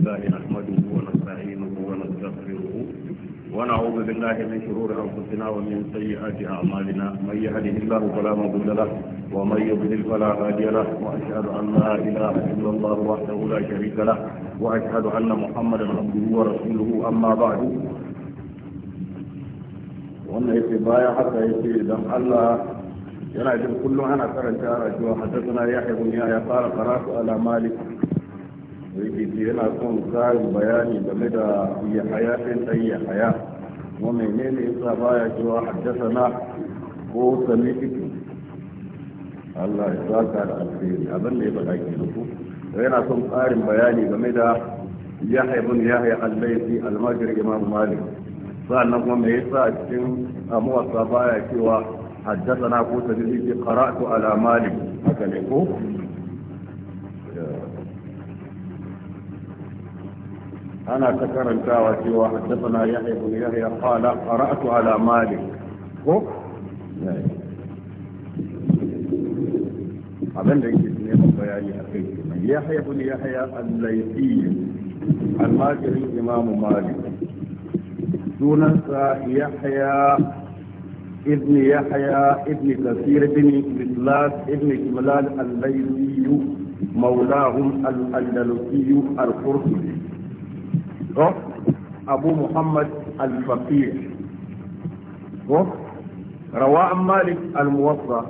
لله نحمده ونستعينه ونستغفره ونعوذ بالله من شرور انفسنا ومن سيئات اعمالنا من يهده الله فلا مضل له ومن يضلل فلا هادي له واشهد ان لا اله الا الله وحده لا شريك له واشهد ان محمدا عبده ورسوله اما بعد وانا yake baya حتى yake dan كل yana jin kullum ana karanta rayuwa يحيى yahya bin yahya qala rikici yana son karin bayani game da yahaya ɗin ɗan haya kuma menene yasa baya cewa haddasa na ko sami ciki Allah ya saka da alheri abin da ya faɗa ke ku yana son karin bayani game da ya ibn ya al-laythi almajir imam malik sannan kuma me yasa cikin amuwarsa baya cewa haddasa na ko sami ciki qara'tu ala malik haka ne ko أنا تكرمت وجي وحدثنا يحيى بن يحيى قال قرأت على مالك هو أبن يحيى بن يحيى الليثي الماجر إمام مالك دون يحيى ابن يحيى ابن كثير بن بسلاس ابن جملال الليثي مولاهم الأندلسي القرطبي ko abu muhammad al fafir ko rawa an malik al-muwatta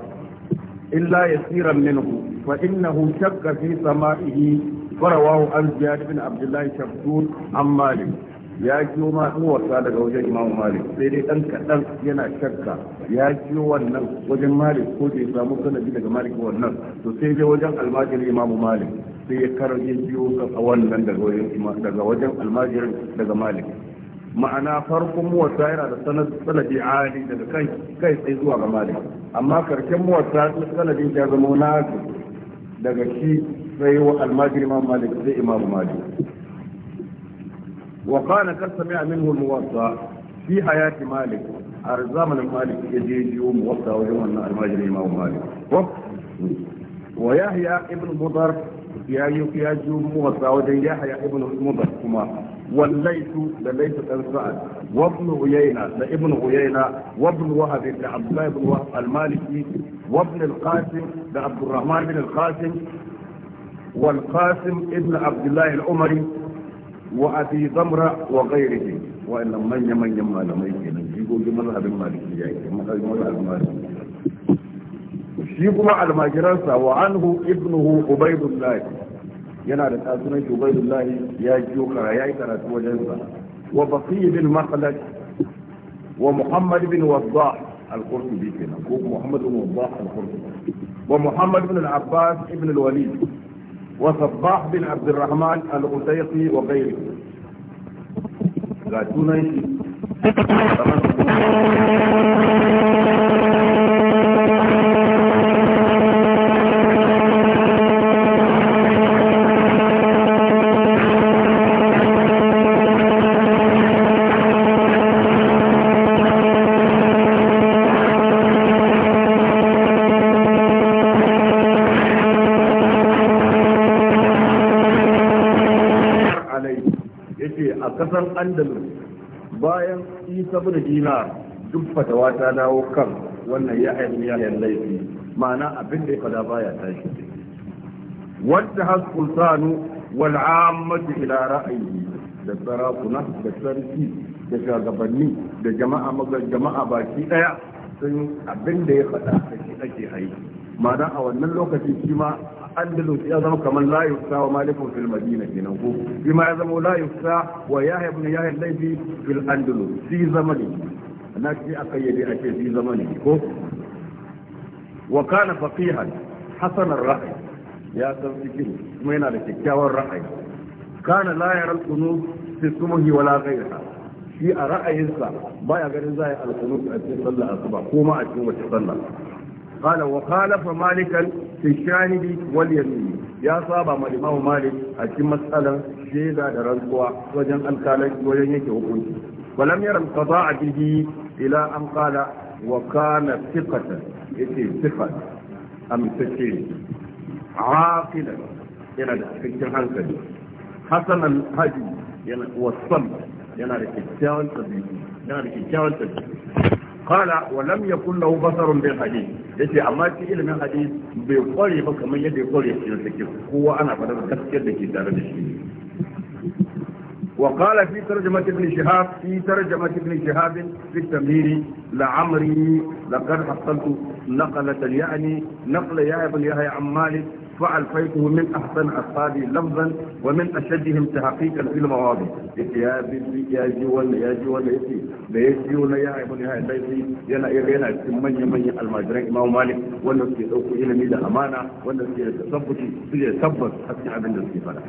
illa yasiran minhu fa innahu shakka fi sama'ihi farawahu an ziyad bin abdullahi shabdun an malik ya kiyo ma wasa daga wajen imamu malik sai dai dan kaɗan yana shakka ya kiyo wannan wajen malik ko da ya samu sanadi daga malik wannan to sai dai wajen almajiri imamu malik sai ya karo ya biyo ka wannan daga wajen daga almajirin daga malik ma'ana farkon muwatta yana da sanadi ali daga kai kai tsaye zuwa ga malik amma karshen muwatta sanadin ya zama nasu daga shi sai wa almajiri ma malik sai imam malik wa kana kan sami'a minhu wasa fi hayati malik a zamanin malik ya je biyo muwatta wajen wannan almajiri imam malik wa yahya ibn mudar ya yi ya ji muwasa wajen ya haya ibn mudar kuma wallaitu da laitu dan sa'ad wa ibn uyayna da ibn uyayna wa ibn wahab da abdullah ibn wahab al-maliki wa ibn al-qasim da abdurrahman bin al-qasim wal qasim ibn abdullah al-umari wa abi zamra wa ghayrihi wa in man man malamai kenan jigogin mazhabin maliki ya ke mazhabin maliki shi kuma almajiransa wa anhu ibnuhu ubaidullahi yana da tsunan shi ubaidullahi ya jiyo kara ya yi karatu sa wa baqi bin maqlad wa muhammad bin wadda al-qurtubi kenan ko muhammad bin wadda al-qurtubi wa muhammad bin al-abbas ibn al-walid wa sabbah bin abd al-rahman al-utayqi wa ghayri ga sunan shi andalus bayan isa bin dina duk fatawa ta dawo kan wannan ya aiki ya haifu laifi ma'ana abin da ya fada baya tashi wadda haskultanu wal ammatu ila ra'ayi da sarakuna da sarki da shugabanni da jama'a maga jama'a baki daya sun abin da ya fada ake aiki ma'ana a wannan lokaci shi ma andalus ya zama kamar la yusa wa malikun fil madina kenan ko shi ya zama la yusa wa yahya ibn yahya laifi fil andalus fi zamani na ce aka yi a ce fi zamani ko wa kana faqihan hasan ar-ra'y ya san fikir kuma yana da kyakkyawan ra'ayi kana la yara al-qunut fi subhi wala ghayriha shi a ra'ayinsa baya ganin zai al-qunut a cikin sallar asuba ko ma a cikin wata sallah قال وخالف مالكا fi shahidi wal yamin ya saba ma Imam Malik a cikin matsalan shaida da rantsuwa wajen alkalai wajen yake hukunci walam yara a bihi ila an qala wa kana thiqatan yake thiqan amsace aqila yana da cikin hankali hasan al-hadi yana wasan yana da kyakkyawan tabi'i yana da kyakkyawan tabi'i قال ولم يكن له بصر بالحديث yace amma shi ilimin hadis bai kware ba kamar yadda ya kware shi da kowa ana faɗa gaskiyar da ke tare da shi وقال في ترجمة ابن شهاب في ترجمة ابن شهاب في التمهيد لعمري لقد حصلت نقلة يعني نقل يا ابن يحيى عن مالك فألفيته من أحسن أصحابي لفظا ومن أشدهم تحقيقا في المواضع يا بيتي يا جوال يا جوال يا بيتي ولا يا ابن يا بيتي يا لا يا بينا من يمن المجرم ما هو مالك ولا في أوك إلى ميدا أمانة ولا في تصبت في تصبت حتى عبد الاستفادة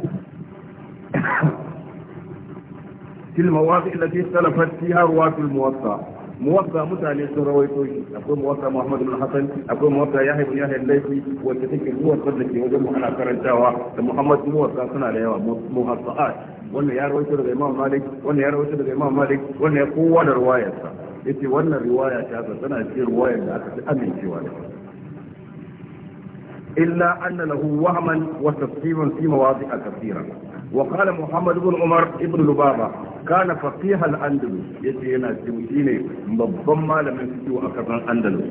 في المواضع التي اختلفت فيها رواة الموطأ muwatta mutane sun rawaito shi akwai muwatta Muhammad bin Hassan akwai muwatta Yahya bin Yahya al-Laythi wanda take muwatta da ke wajen mu ana karantawa da Muhammad muwatta suna da yawa muhassa'at wannan ya rawaito daga Imam Malik wannan ya rawaito daga Imam Malik wannan ya kowa da riwayarsa yace wannan riwaya ta tana cikin riwayar da aka fi amincewa da ita إلا أن له وهما وتفصيلا في مواضع كثيرة وقال محمد بن عمر ابن لبابة كان فقيه الأندلس يجي هنا السوسيني مبضم لم يسكي أكثر الأندلس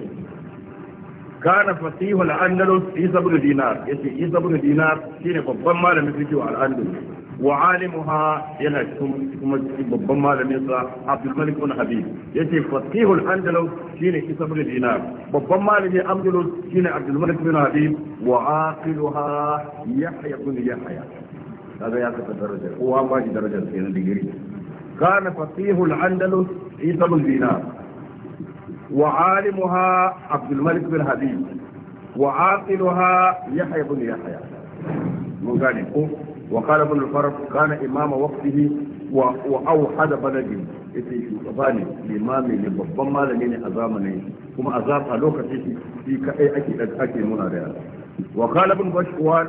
كان فقيه الأندلس عيسى بن دينار يجي عيسى بن دينار شيني مبضم لم يسكي الأندلس وعالمها ينا كما مبضم لم يسا عبد الملك بن حبيب يجي فقيه الأندلس شيني عيسى بن دينار مبضم لم الأندلس شيني عبد الملك بن حبيب وعاقلها يحيى بن يحيى هذا يعطيك الدرجة هو ماجي درجة سين ديجري كان فقيه الأندلس عيسى بن دينار وعالمها عبد الملك بن هدي وعاقلها يحيى بن يحيى من يقول وقال ابن الفرق كان إمام وقته وأوحد بلده في إتي شوكباني لإمامي لبطبما لمن أزامني كما أزام ألوك في في كأي أكي أكي منا وقال ابن بشكوان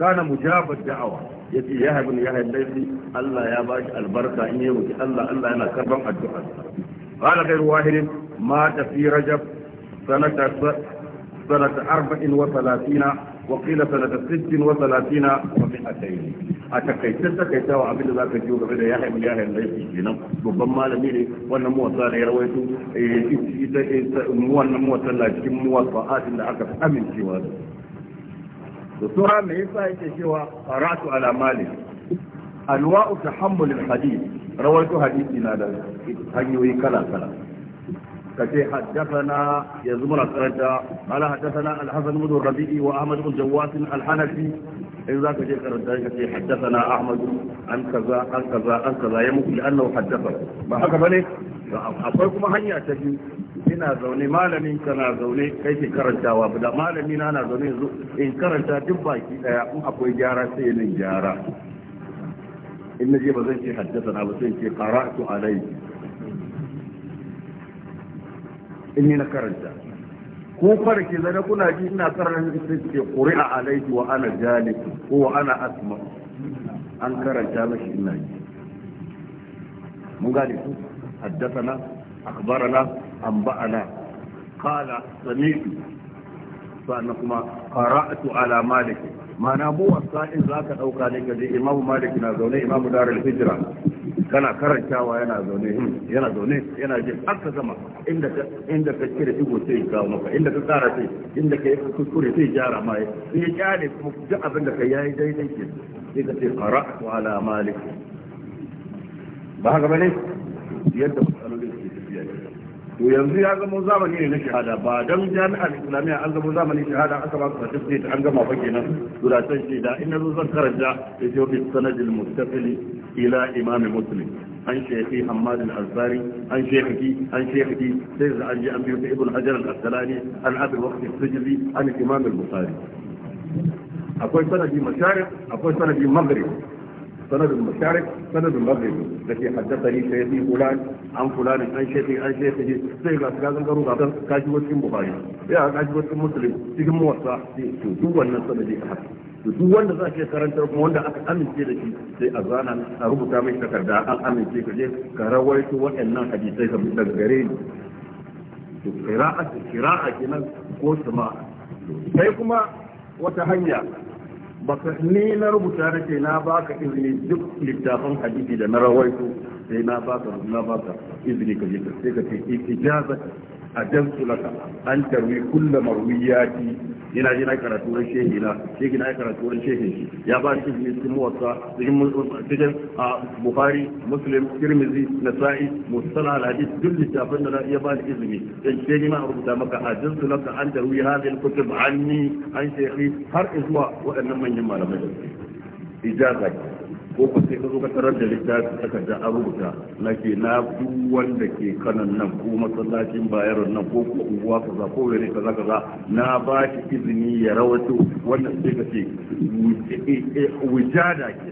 كان مجاب الدعوة ya ce ya haifin ya haifin Allah ya ba shi albarka in yi roƙi Allah Allah yana karban addu'a kai ghayru wahidin mata fi rajab sanata sanata arba'in wa qila sanata sittin wa 30 wa mi'atayn a takaitar takaitawa abinda za ka jiyo game da ya haifin ya haifin laifi kenan babban malami ne wannan muwasa da ya rawaito eh, wannan muwasa cikin muwasa da aka fi amincewa da da tura me yasa yake cewa faratu ala malik anwa'u tahammul hadith rawaitu hadithi na da hanyoyi kala kala kace haddathana yanzu muna karanta ala haddathana al-hasan ibn rabi'i wa ahmad ibn jawwas al-hanafi in zaka je karanta kace haddathana ahmad an kaza an kaza an kaza ya muku li'annahu haddatha ba haka bane akwai kuma hanya ta biyu ina zaune malamin ka na zaune kai ke karantawa da malami na na zaune yanzu in karanta duk baki daya in akwai gyara sai nan gyara in na je ba zan ce haddasa na ba sai ce qara'tu alayhi in ni na karanta ko fara ke zane kuna ji ina karanta sai ce a alayhi wa ana jalib ko wa ana asma an karanta mashi ina ji mun gane na حدثنا أخبرنا أنبأنا قال سميت فأنكما قرأت على مالك ما ka سائل ذاك أو كان يجي إمام مالك نازوني إمام دار الهجرة kana karantawa yana zaune yana zaune yana jin har ka gama inda ka inda ka igo sai kawo maka inda ka tsara sai inda ka yi kuskure sai gyara ma sai ya kyale kuma duk abin da ka yayi daidai ke sai ka ce qara'tu ala malik ba haka bane yadda matsaloli to yanzu ya zama zamani ne na shahada ba dan jami'ar islamiyya an zama zamanin shahada aka ba su certificate an gama fa kenan duratan shaida in nazo zan karanta da ce bi sanadil mustaqil ila imam muslim an shaykhi hamad al azari an shaykhi an shaykhi sai an ji an biyo ibn hajar al-asqalani an abi waqt al an imam al-bukhari akwai sanadi masharif akwai sanadi maghrib سند المشارك سند المغربي التي حدثني شيخي فلان عن فلان عن شيخي عن شيخه زي ما كان قالوا غادر كاجي وسكن بخاري يا مسلم cikin muwassa to duk wannan sanadi a haka wanda za ka karanta kuma wanda aka amince da shi sai a zana a rubuta mai takarda an amince ka je ka rawaito waɗannan hadisai daga gare ko sai kuma wata hanya baka ni na rubuta na ce na baka izini duk littafin hadisi da na rawaito sai na baka na baka izini ka je ka sai ka ce ijazata ajantu laka an tarwi kullu marwiyati ina jina karatu na shehi na karatu ran ya ba shi ne cikin muwatta cikin cikin bukhari muslim tirmidhi nasa'i mustala al hadith duk na da ya ba ni izini dan sai ni ma rubuta maka ajantu laka an tarwi hadhihi al kutub anni an shehi har izuwa waɗannan manyan malamai ijaza ko ko sai ka zo ka tarar da littafi takarda a rubuta lake na duk wanda ke kanan nan ko masallacin bayaron nan ko ko unguwa za ko wani ka za na ba shi izini ya rawato wannan sai ka ce wujada ke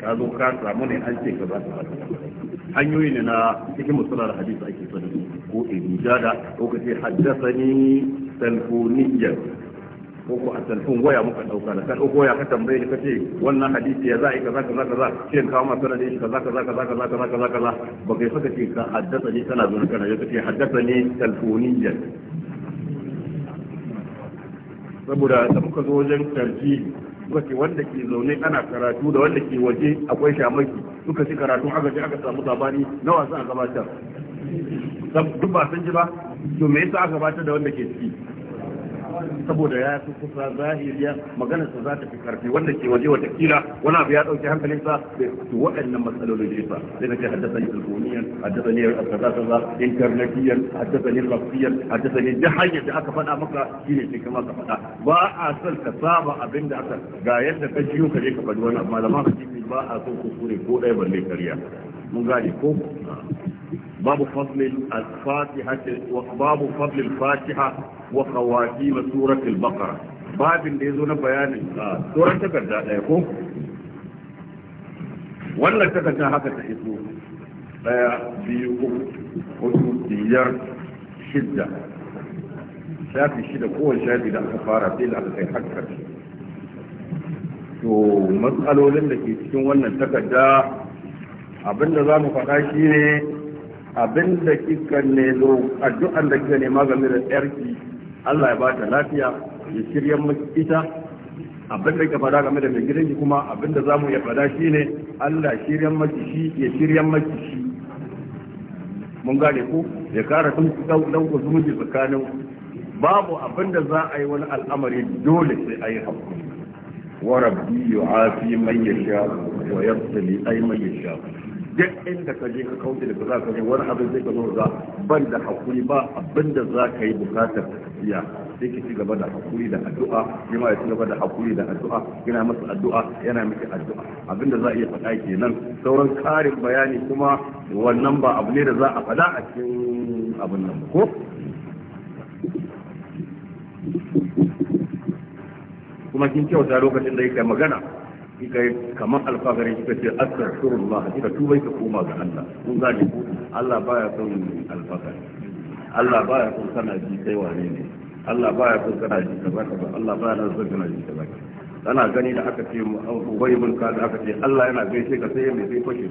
ka zo ka samu ne an ce ka za kaza kaza hanyoyi ne na cikin musular hadisi ake sanin ko ibijada ko kace ni talfoniyyan ko ko a telefon waya muka dauka da kan ko ya ka tambaye ni kace wannan hadisi ya za'i kaza kaza kaza ce ka kawo masa sanadin kaza kaza kaza kaza kaza kaza kaza ba kai saka ce ka haddasa ni kana zuwa kana ya kace haddasa ni telefoniyan saboda da muka zo wajen tarjihi suka wanda ke zaune ana karatu da wanda ke waje akwai shamaki suka ci karatu aka je aka samu sabani na wasu a gabatar duk ba san ji ba to me yasa aka gabatar da wanda ke ciki saboda ya fi kusa zahiriya magana sa za ta fi karfi wanda ke waje wata kila wani abu ya dauke hankalin sa bai to waɗannan matsalolin da sa sai na ce haddasa ni alkoniyan haddasa ni kaza kaza internetiyan haddasa ni lafiyan haddasa ni da hanyar da aka faɗa maka shine sai kama ka faɗa ba a son ka saba abin da aka ga yadda ka jiyo ka je ka faɗi wani abu malama ka ba a son kuskure ko ɗaya balle karya mun gane ko باب فضل الفاتحة وباب فضل الفاتحة وخواتيم سورة البقرة باب اللي يزون بيان آه، سورة تكردا لكم ولا تكردا هكا آه، بيكم بيوكو بيار شدة شافي شدة قوة شافي ده كفارة دي لأنه سيحكر to matsalolin da ke cikin wannan takarda abinda za mu faɗa shi ne abin da kika nemo addu'an da kika nema game da tsarki Allah ya bata lafiya ya shirya miki ita abin da kika fada game da mai ki kuma abin da zamu ya fada shine Allah shirya miki shi ya shirya miki shi mun gane ko ya kara tun dan ku zumunci tsakanin babu abin da za a yi wani al'amari dole sai a yi hakuri wa rabbi yu'afi man yasha wa yabtali ay man yasha duk inda ka je ka kauce da za ka je wani abin zai ka zo za ban da hakuri ba abin da za ka yi bukatar tafiya sai ki ci gaba da hakuri da addu'a ki ma ya ci gaba da hakuri da addu'a yana masa addu'a yana miki addu'a abin da za a iya faɗa kenan sauran karin bayani kuma wannan ba abu ne da za a faɗa a cikin abin nan ko kuma kin kyauta lokacin da yake magana kika yi kamar alfahari kika ce astaghfirullah ka tuba kika koma ga Allah kun gane ku Allah baya son alfahari Allah baya son kana ji kai wane ne Allah baya son kana ji kaza ba, Allah baya son kana ji kaza kana gani da aka ce mu ubay bin aka ce Allah yana gaishe ka sai mai sai fashe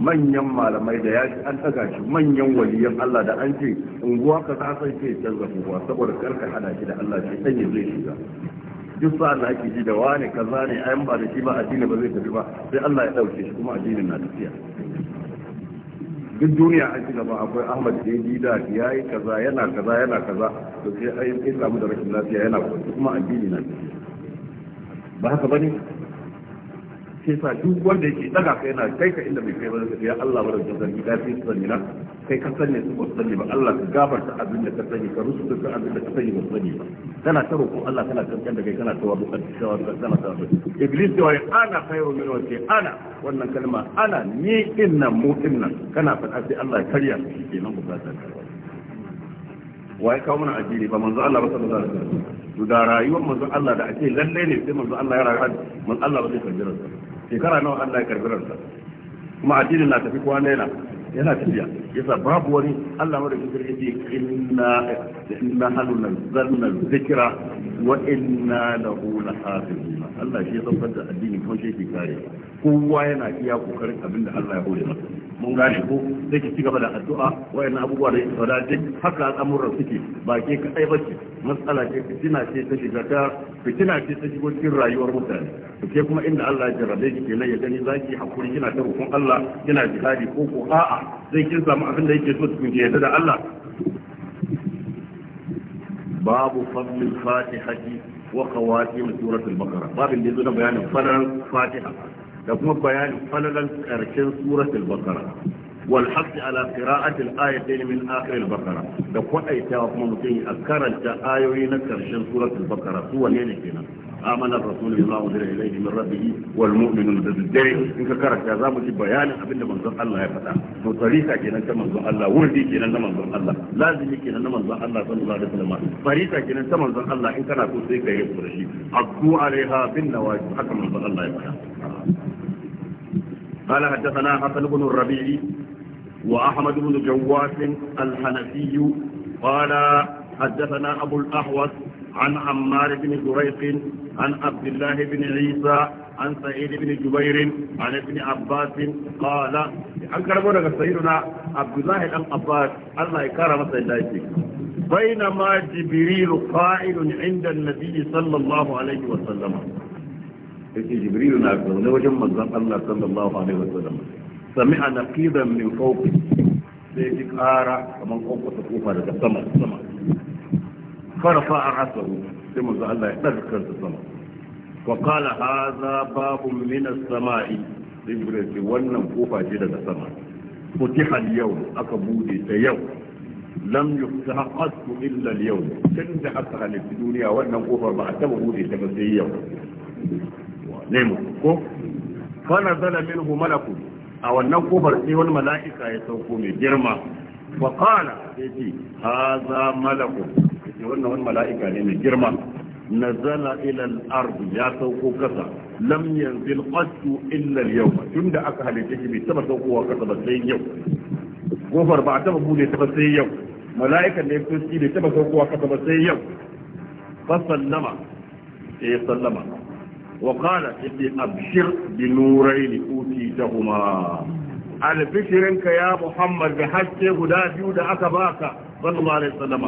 manyan malamai da ya an taga shi manyan waliyan Allah da an ce unguwa ka san ce canza kuwa saboda karka hada shi da Allah sai dan zai shiga duk sa da ake ji da wani kaza ne ayan ba da shi ba addini ba zai tafi ba sai Allah ya dauke shi kuma addinin na tafiya duk duniya an gaba, ba akwai Ahmad da yi da yayi kaza yana kaza yana kaza to sai ayin sai samu da rashin lafiya yana kuma addini na tafiya ba haka bane sai sa duk wanda yake daga kai na kai ka inda mai kai ba zai ya Allah bar da zargi da fi sani na kai ka sani su ba sani ba Allah ka gabarta abin da ka sani ka rusu da abin da ka sani ba sani ba kana ta roƙo Allah kana kankan da kai kana tawa da tawa da kana tawa iblis da wai ana khairu min wa ce ana wannan kalma ana ni innan mu innan kana faɗa sai Allah ya karya kenan bukata waye kawo mana addini ba manzo Allah ba sallallahu da wasallam to da rayuwar manzo Allah da ake lalle ne sai manzo Allah ya rayu manzo Allah ba zai karbi rasa shekara nawa Allah ya karbi ransa kuma addinin na tafi kwana yana yana tafiya yasa babu wani Allah mara da sarki ce inna inna halu nazzalna dhikra wa inna lahu lahafizun Allah shi ya tabbatar da addini ko shi ke kare kowa yana iya kokarin abinda Allah ya hore masa mun gane ko sai ki cigaba da addu'a wayannan abubuwa da yake fada duk haka al'amuran suke ba ke kadai ba ce matsala ce fitina ce ta shiga ta fitina ce ta shigo cikin rayuwar mutane to ke kuma inda Allah ya jarrabe ki kenan ya gani zaki hakuri kina ta roƙon Allah kina jihadi ko ko a'a sai kin samu abin da yake so cikin yadda da Allah babu fadlil fatihati wa khawatim suratul baqara babin da na bayanin fadlan fatiha da kuma bayanin falalan karshen suratul bakara wal haqqi ala qira'ati al ayatayn min akhir al bakara da kwadaitawa kuma mutum a karanta ayoyi na karshen suratul bakara su wane ne kenan amana rasulun bima unzila ilayhi min rabbih wal mu'minun da dare in ka karanta za mu ji bayanin abinda da manzon Allah ya faɗa to tarika kenan ta manzon Allah wurdi kenan na manzon Allah lazimi kenan na manzon Allah sallallahu alaihi wasallam farika kenan ta manzon Allah in kana so sai ka yi kurashi abdu alaiha bin nawajib haka manzon Allah ya faɗa قال حدثنا حسن بن الربيع وأحمد بن جواس الحنفي قال حدثنا أبو الأحوص عن عمار بن زريق عن عبد الله بن عيسى عن سعيد بن جبير عن ابن عباس قال عن كربونا سيدنا عبد الله بن عباس الله يكرم سيداتي بينما جبريل قائل عند النبي صلى الله عليه وسلم yake jibril na zaune wajen manzon Allah sallallahu alaihi wasallam sami'a naqidan min fawqi sai ji kara kamar kokosa kofa daga sama sama farfa ra'sahu sai manzon Allah ya daga kansa sama wa qala hadha babun min as-sama'i jibril ce wannan kofa ce daga sama futiha al-yawm aka bude ta yau lam yuftaha qattu illa al-yawm tunda aka halitta duniya wannan kofar ba a taba bude ta ba sai yau nemo ko fa nazala minhu malaku a wannan kofar sai wani mala'ika ya sauko mai girma wa qala yaji hadha malaku yaji wannan wani mala'ika ne mai girma nazala ila al-ard ya sauko kasa lam yanzil qattu illa al-yawm tunda aka halice shi bai taba saukowa kasa ba sai yau kofar ba a taba bude ta ba sai yau mala'ikan ne ya shi bai taba saukowa kasa ba sai yau fa sallama sai sallama وقال ابي ابشر بنورين اوتيتهما البشرنك يا محمد بحجه هدى جود اكا صلى الله عليه وسلم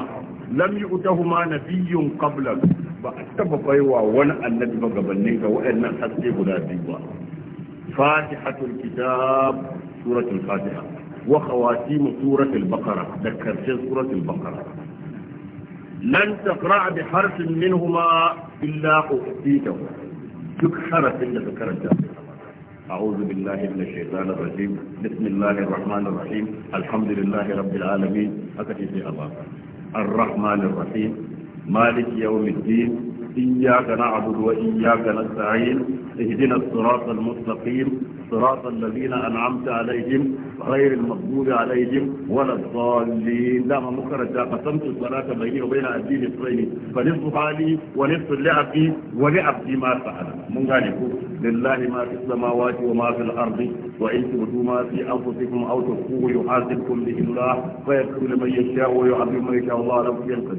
لم يؤتهما نبي قبلك فاتفق ايوا وانا النبي بقبنك وانا حجه هدى جوا فاتحة الكتاب سورة الفاتحة وخواتيم سورة البقرة ذكرت سورة البقرة لن تقرأ بحرف منهما إلا أوتيته duk harafin ذكرت أعوذ بالله من الشيطان الرجيم بسم الله الرحمن الرحيم الحمد لله رب العالمين أكتب الله الرحمن الرحيم مالك يوم الدين إياك نعبد وإياك نستعين اهدنا الصراط المستقيم صراط الذين أنعمت عليهم غير المغضوب عليهم ولا الضالين لا ما مكرت قسمت الصلاة بيني وبين أبيه الصيني فنصف حالي ونصف لعبي ولعبي ما فعل من ذلك لله ما في السماوات وما في الأرض وإن تبدوا ما في أنفسكم أو تخفوه يحاسبكم به الله فيغفر لمن يشاء ويعذب من يشاء الله لم ينقذ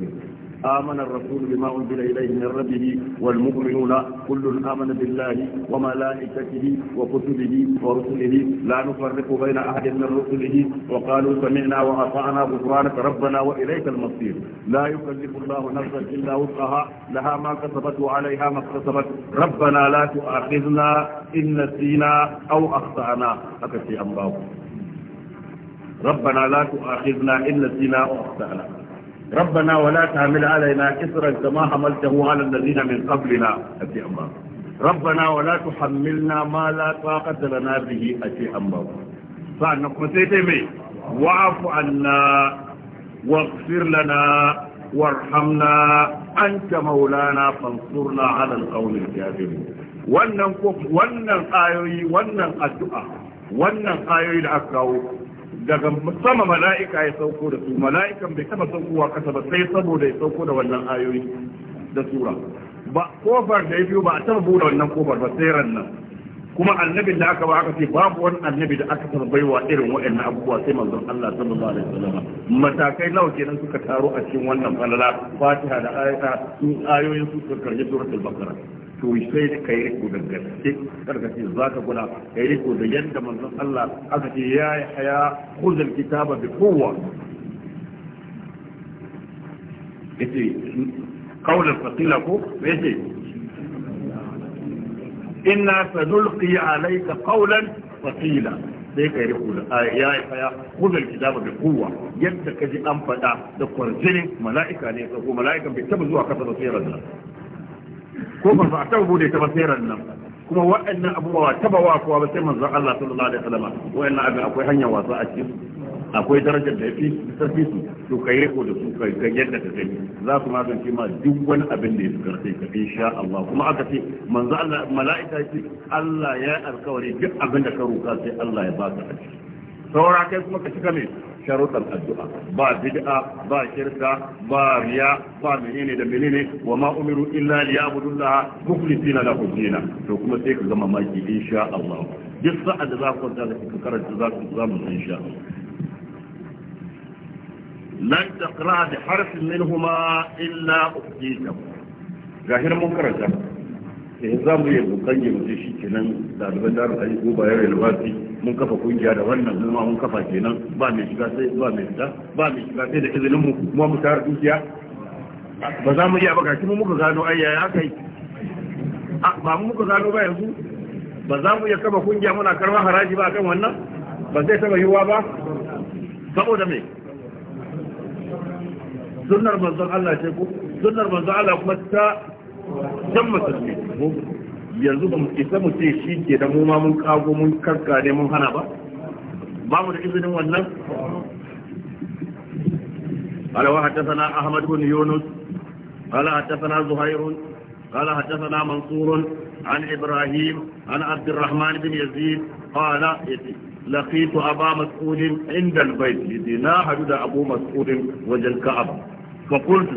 آمن الرسول بما أنزل إليه من ربه والمؤمنون كل آمن بالله وملائكته وكتبه ورسله لا نفرق بين أحد من رسله وقالوا سمعنا وأطعنا غفرانك ربنا وإليك المصير لا يكلف الله نفسا إلا وسعها لها ما كسبت وعليها ما اكتسبت ربنا لا تؤاخذنا إن نسينا أو أخطأنا أكسي أمره ربنا لا تؤاخذنا إن نسينا أو أخطأنا ربنا ولا تعمل علينا كسرا كما حملته على الذين من قبلنا أتي أمام ربنا ولا تحملنا ما لا طاقة لنا به أتي أمام فأنا قتيتمي واعف عنا واغفر لنا وارحمنا أنت مولانا فانصرنا على القوم الكافرين wannan wannan ayoyi wannan addu'a wannan ayoyi da aka kawo daga sama mala'ika ya sauko da su mala'ikan bai taba saukowa kasa ba sai saboda ya sauko da wannan ayoyi da sura ba kofar da ya biyo ba a taba bude wannan kofar ba sai ran nan kuma annabi da aka ba aka ce babu wani annabi da aka taba baiwa irin waɗannan abubuwa sai manzon Allah sallallahu alaihi wasallam matakai nawa kenan suka taro a cikin wannan falala fatiha da ayata ayoyin su suka karje suratul baqara to sai ka yi riko da gaske karka ce za ka guda ka yi riko da yadda manzon Allah aka ce ya yi haya kuzin kitaba da kowa yace kaular fasila ko me ina inna sanulqi alayka qawlan fasila sai ka yi riko da ya yi haya kuzin kitaba da kowa yadda ka ji an faɗa da kwarjinin mala'ika ne ko mala'ikan bai taba zuwa kasa da sai razana ko ba a taba bude ta basirar nan kuma waɗannan abubuwa taba wa kowa ba sai manzon Allah sallallahu alaihi wasallam waɗannan abin akwai hanyar wasa a cikin akwai darajar da ya fi sarfi su to kai riko da su kai ga yadda ta tafi za su magance ma duk wani abin da ya fi karfe ka insha Allah kuma aka ce manzo Allah mala'ika ce Allah ya alkawari duk abin da ka roka sai Allah ya baka a ciki saura kai kuma ka cika mai sharuɗan addu'a ba bid'a ba shirka ba riya ba menene da menene wa ma umiru illa liya'budullah mukhlisina lahu dinna to kuma sai ka maki in insha Allah duk sa'ad da za ku kwanta ka karanta za ku zamu insha Allah lan taqra bi harfin minhuma illa gahir mun karanta sai eh, za yi kokari shi kenan da da da ko bayan yalwasi mun kafa kungiya da wannan mun ma mun kafa kenan ba mai shiga sai ba mai fita ba mai shiga sai da izinin mu mu mu tara dukiya ba za mu iya ba gashi mun muka gano ai yaya aka yi ba mun muka gano ba yanzu ba za mu iya kafa kungiya muna karba haraji ba kan wannan ba zai saba yiwuwa ba saboda me sunnar manzon Allah ce ko sunnar manzon Allah kuma ta jammata ne yanzu ba mu isa mu ce shi ke da mu ma mun kago mun karkare mun hana ba ba mu da izinin wannan قال وحدثنا أحمد بن يونس قال حدثنا زهير قال حدثنا منصور عن إبراهيم عن عبد الرحمن بن يزيد قال لقيت أبا مسعود عند البيت لدينا حدود أبو مسعود وجل كعب فقلت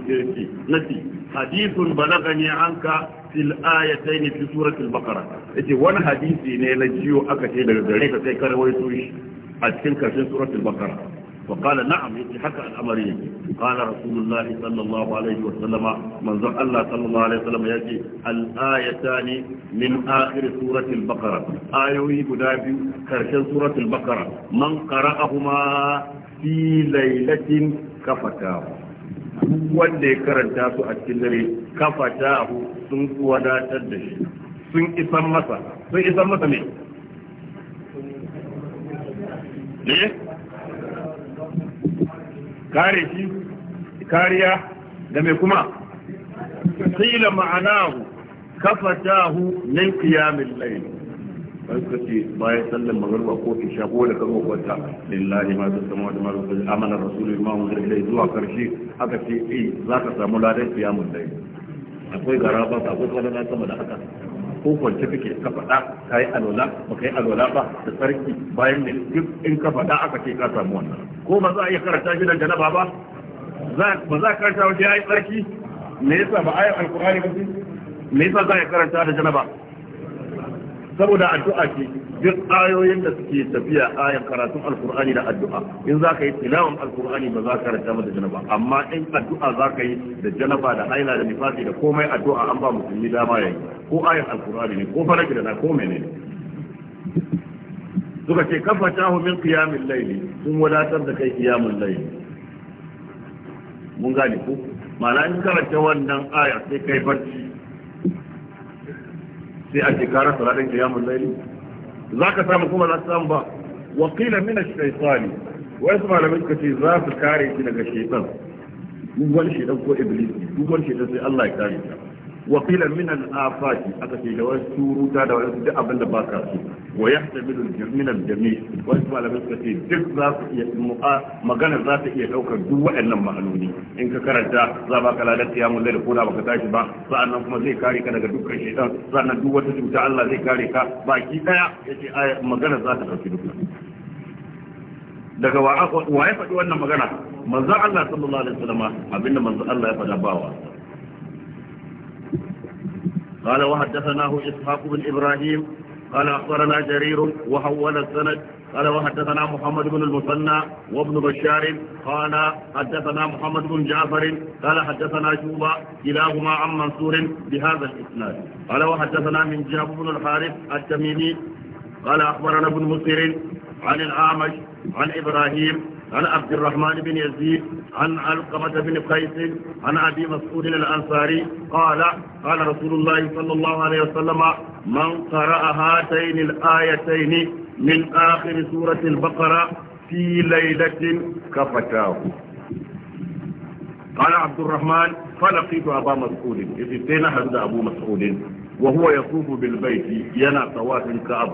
نتي حديث بلغني عنك fil ayatayn fi suratul baqara yace wani hadisi ne na jiyo aka ce daga gare ka sai ka rawaito shi a cikin karshen suratul baqara وقال نعم يتحكى الأمرين قال رسول الله صلى الله عليه وسلم منظر الله صلى الله عليه وسلم يأتي الآيتان من آخر Ayoyi guda biyu karshen كرشن سورة البقرة من قرأهما في ليلة كفتاه wanda ya karanta su a cikin dare Kafata sun wadatar da shi sun isan masa sun isan masa ne ne kare shi kariya da mai kuma qila ma'anahu hu min kiyamin lai Wani ce bayan sallan magariba ko isha ko da kan kwanta lillahi ma zai sama da marar amana rasulullahi ma mun zai zuwa karshe aka ce eh ka samu ladan kiyamin lai akwai gara ba kuma na sama da haka ko kwance kake ka faɗa ka yi alola ba ka yi alola ba da tsarki bayan ne duk in ka faɗa aka ce ka samu wannan ko ba za a iya karanta shi da janaba ba ba za a karanta wajen ya yi tsarki me yasa ba yi alkurani ba me yasa za a iya karanta da janaba saboda addu'a ce duk ayoyin da suke tafiya ayan karatun alkur'ani da addu'a in za ka yi tilawan alkur'ani ba za ka ranta da janaba amma in addu'a za ka yi da janaba da aina da nifasi da komai addu'a an ba musulmi dama yayi ko ayan alkur'ani ne ko faraki da na ko menene suka ce kafa tahu min qiyamil layli sun wadatar da kai qiyamul layli mun gane ko ma'ana in karanta wannan aya sai kai barci sai a shekara salatin kiyamun laili za ka samu kuma za ka samu ba wakila min ash-shaytani wa isma lam yakati za su kare shi daga shaytan duk wani shaytan ko iblis duk wani shaytan sai Allah ya kare shi وقيل من الآفات أكثر جواز شروطا دولة أبن باكا ويحتمل من الجميع ويسمى لبس كثير دك ذات مغانا ذات يتوقع دواء لما أنوني إن كرنتا زابا كلا لقيام الليل قولا وكتاش با سأنا كما زي كاري كنا دك الشيطان سأنا دواء تجوتا الله زي كاري كا باكي دايا يتي آية مغانا ذات تفكير daga wa ya faɗi wannan magana manzo Allah sallallahu alaihi wasallam abinda manzo Allah ya faɗa bawa قال وحدثناه إسحاق بن إبراهيم قال أخبرنا جرير وحول السند قال وحدثنا محمد بن المثنى وابن بشار قال حدثنا محمد بن جعفر قال حدثنا شوبة كلاهما عن منصور بهذا الإسناد قال وحدثنا من جاب بن الحارث التميمي قال أخبرنا ابن مسير عن الأعمش عن إبراهيم عن عبد الرحمن بن يزيد عن علقمة بن قيس عن أبي مسعود الأنصاري قال قال رسول الله صلى الله عليه وسلم من قرأ هاتين الآيتين من آخر سورة البقرة في ليلة كفتاه قال عبد الرحمن فلقيت أبا مسعود إذ اتينا هذا أبو مسعود وهو يطوف بالبيت ينا طواف كأب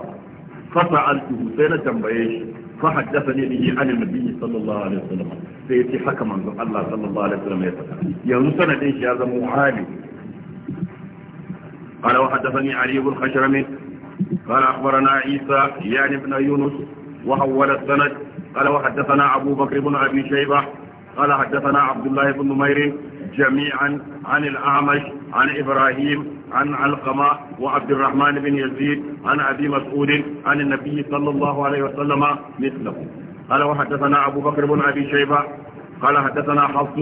فسألته سنة تنبئيش فحدثني به عن النبي صلى الله عليه وسلم سيتي حكم الله صلى الله عليه وسلم يا يوم سنة إيش هذا عالي قال وحدثني علي بن خشرم قال أخبرنا عيسى يعني ابن يونس وحول السند قال وحدثنا أبو بكر بن أبي شيبة قال حدثنا عبد الله بن نمير جميعا عن الأعمش عن إبراهيم عن علقمة وعبد الرحمن بن يزيد عن أبي مسعود عن النبي صلى الله عليه وسلم مثله قال وحدثنا أبو بكر بن أبي شيبة قال حدثنا حفص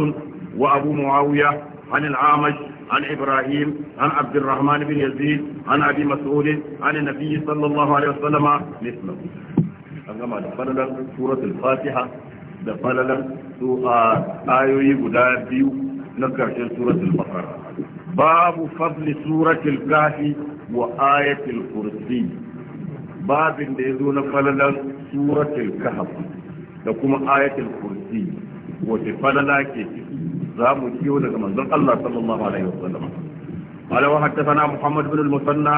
وأبو معاوية عن العامش عن إبراهيم عن عبد الرحمن بن يزيد عن أبي مسعود عن النبي صلى الله عليه وسلم مثله أنما دفلل سورة الفاتحة دفلل سوء آيوي آية قدار بيو نكرش سورة البقرة babu fadli suratul kafi wa ayatul kursi babin da na falalan suratul kahf da kuma ayatul kursi wace ke za mu daga manzon Allah sallallahu alaihi wasallam قال وحدثنا محمد بن المثنى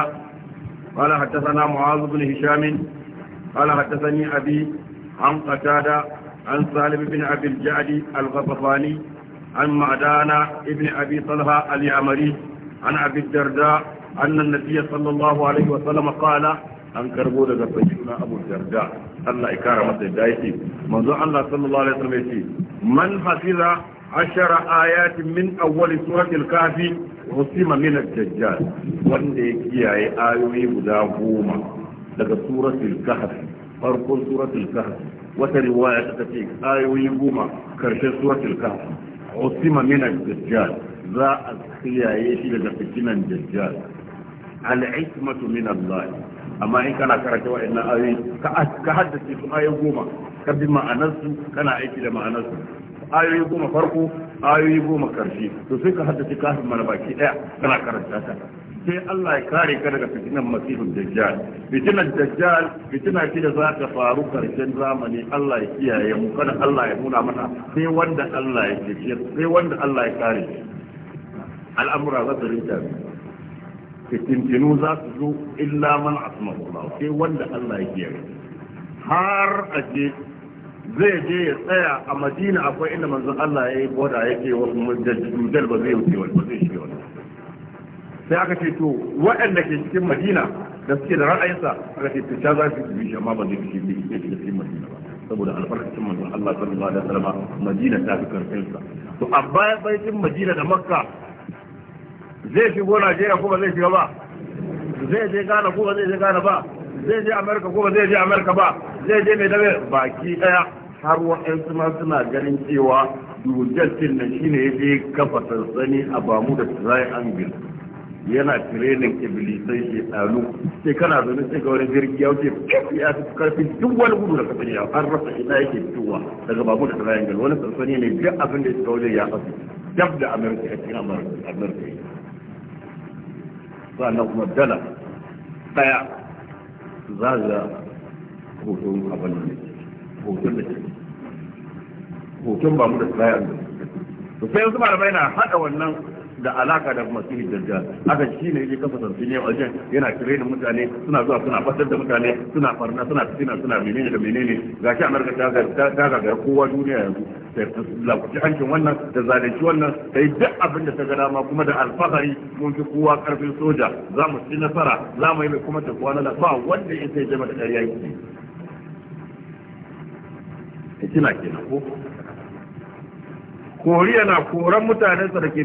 قال حدثنا معاذ بن هشام قال حدثني أبي عن قتادة عن سالم بن أبي الجعد الغطفاني عن معدان ابن أبي طلحة اليعمري عن أبي الدرداء أن النبي صلى الله عليه وسلم قال an karbo daga sayyidina Abu Darda Allah ya kara masa da yake manzo Allah sallallahu alaihi wasallam yace man hafiza ashara ayatin min awwal surati al-kahfi usima min ad-dajjal wanda ya kiyaye ayoyi guda goma daga suratul kahfi farkon suratul kahfi wata riwaya ta ce ayoyi goma karshen suratul kahfi usima min ad-dajjal za a tsiyaye shi daga fitinan dajjal al-hikmatu min Allah amma in kana karanta wa'annan ayoyi ka haddace su ayoyi goma ka bi ma'anarsu kana aiki da ma'anarsu ayoyi goma farko ayoyi goma karshe to sai ka haddace kafin mana baki daya kana karanta ta sai Allah ya kare ka daga fitinan masihun dajjal fitinan dajjal fitina ce da za ta faru karshen zamani Allah ya kiyaye mu kada Allah ya nuna mana sai wanda Allah ya kiyaye sai wanda Allah ya kare al'amura za su rinta fitintinu za su zo illa man asma Allah sai wanda Allah ya kiyaye har a ce zai je ya tsaya a Madina akwai inda manzon Allah ya yi boda yake wa dajjal ba zai wuce wani ba zai shi wani sai aka ce to waɗanda ke cikin madina da suke da ra'ayinsa aka ce fita za su bi amma ba zai da bi ke cikin madina ba saboda albarkacin manzon Allah sallallahu alaihi wasallam madina ta fi karfinsa sa to a bayan baitin madina da makka zai shigo Najeriya ko ba zai shiga ba zai je Ghana ko ba zai je Ghana ba zai je Amerika ko ba zai je Amerika ba zai je mai dabe baki daya har wa'ansu ma suna ganin cewa dujjal din nan shine ya je kafa sansani a bamu da Triangle yana tirenin ke shedanu sai kana zaune sai ga wani jirgi ya wuce ya fi karfi duk wani gudu da kasani ya har rasa ina yake fitowa daga babu da triangle wani sansani ne duk abin da ya shiga wajen ya fasu dab da amerika a cikin amerika sannan kuma dala daya za ga hoton abin da hoton da ke hoton ba mu da triangle to sai yanzu malamai na haɗa wannan da alaka da masu dajjal haka shi ne yake kafa tantini a wajen yana kire da mutane suna zuwa suna fatar da mutane suna farna suna fitina suna menene da menene gashi amurka ta ga ta kowa duniya yanzu lakuci hankin wannan da zalunci wannan da duk abin da ta ga dama kuma da alfahari mun fi kowa karfin soja za mu ci nasara za mu yi mai kuma tafiya na ba wanda ya sai jama'a da ɗariya yake. Ikina kenan ko? koriya na koran mutanensa da ke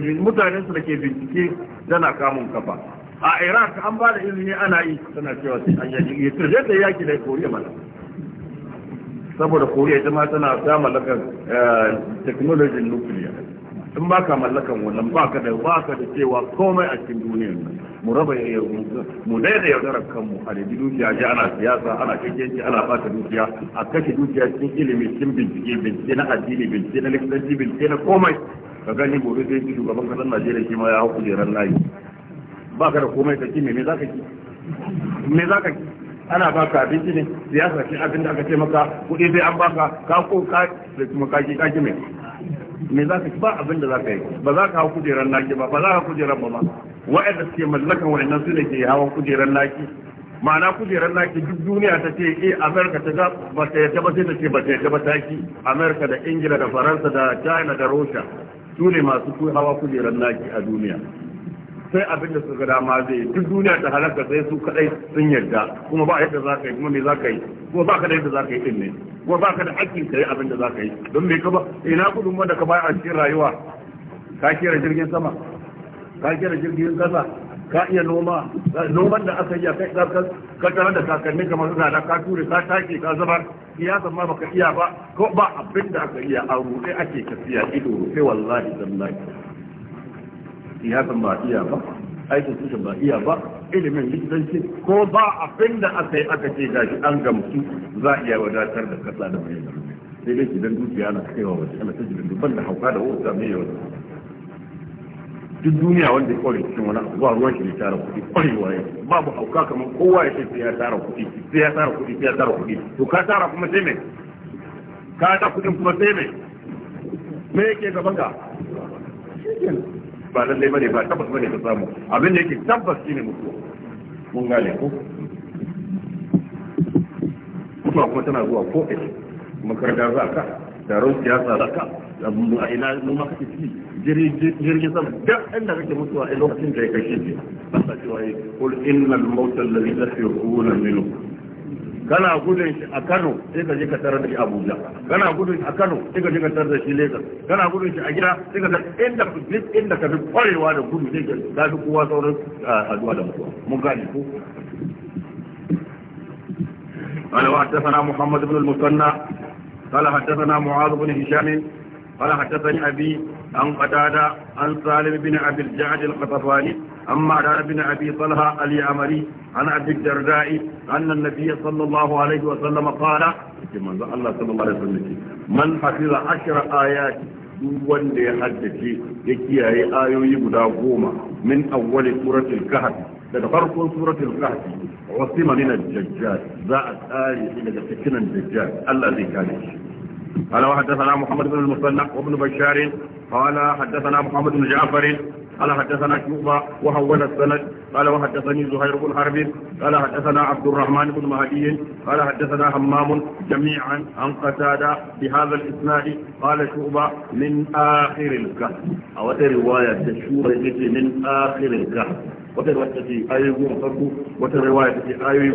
da ke bincike tana kamun kafa a iraq an ba da izini ana yi tana cewa sai an yaki ya turje da yaki da koriya mana saboda koriya ita ma tana samun lakar eh, technology nuclear in ba ka mallakan wannan ba ka da ba ka da cewa komai a cikin duniyar nan mu raba ya mu daina yaudarar kanmu a da dukiya ji ana siyasa ana kakkenci ana ka dukiya a kashe dukiya cikin ilimi cikin bincike bincike na addini bincike na likitanci bincike na komai ka gani gobe ji shugaban kasar Najeriya shi ma ya hau kujerar layi ba ka da komai ka ki me za ka ki me za ka ki ana ba k'a abinci ne siyasa shi abin da aka ce maka kuɗi zai an ba ka ko ka kuma ka ki ka ki me me za ka ba abin da za ka yi ba za ka hau kujerar naki ba ba za ka kujerar ba ba wa'anda suke mallakan wa'annan su ne ke hawan kujerar naki ma'ana kujerar naki duk duniya ta ce eh amerika ta ga ba ta yadda ba sai ta ce ba ta yadda ba ta ki amerika da ingila da faransa da china da russia su ne masu hawa kujerar naki a duniya sai abin da suka dama zai duk duniya ta halaka sai su kadai sun yarda kuma ba yadda zaka yi kuma me zaka yi kuma ba ka da yadda zaka yi din ne kuma ba ka da hakkin kai abin da zaka yi don me ka ba ina gudun wanda ka bayar a cikin rayuwa ka kira jirgin sama ka kira jirgin kasa ka iya noma noman da aka yi a kai ka ka tare da kakanni kamar su da ka ture ka take ka zubar siyasa ma baka iya ba ko ba abin da aka iya a rufe ake tafiya ido sai wallahi zallahi siyasan ba iya ba aikin tushen ba iya ba ilimin likitanci ko ba abin da aka yi aka ce gashi an gamsu za a iya wadatar da kasa da mai sai dai gidan dukiya na kaiwa wasu ana ta gidan dubban da hauka da wata mai yawa duk duniya wanda ya kware cikin wani abu ruwan shi ne tara kuɗi kwarewa ya babu hauka kamar kowa ya ce sai ya tara kuɗi sai ya tara kuɗi sai ya tara kuɗi to ka tara kuma sai mai ka ta kuɗin kuma sai mai me yake gaban ka ba lallai bane ba tabbas bane ka samu abin da yake tabbas shine mutuwa mun gane ko mutuwa kuma tana zuwa ko ina makaranta za ka taron siyasa za ka a ina mun kake ci jirgin sama duk inda kake mutuwa a lokacin da ya kashe ba sa cewa yi kul innal mautal ladhi tasfiquna minhu kana gudun shi a Kano sai ka je ka tarar da shi Abuja kana gudun shi a Kano sai ka je ka tarar da shi Lagos kana gudun shi a gida sai ka inda duk inda ka fi kwarewa da gudu sai ka ka fi kowa sauran addu'a ah, da mutuwa mun gane ko قال وحدثنا محمد بن المثنى قال حدثنا معاذ بن هشام قال حدثني أبي عن قتادة عن سالم بن أبي الجعد القطفاني أما دار بن أبي طلحه اليامري عن أبي الدرداء أن النبي صلى الله عليه وسلم قال من الله صلى الله عليه وسلم من حفظ عشر آيات دون دي حدثي يكي أي آيو يبدا قوما من أول سورة الكهف لتفرق سورة الكهف عصم من الججال ذا آية إلى تكن الججال الذي كان قال وحدثنا محمد بن المصنع وابن بشار قال حدثنا محمد بن جعفر قال حدثنا شعبة وهون السند قال وحدثني زهير بن حرب قال حدثنا عبد الرحمن بن مهدي قال حدثنا همام جميعا عن قتادة بهذا الإسناد قال شعبة من آخر الكهف أو رواية تشور من آخر الكهف وتروتتي آية يقوم فرقه وترواية آية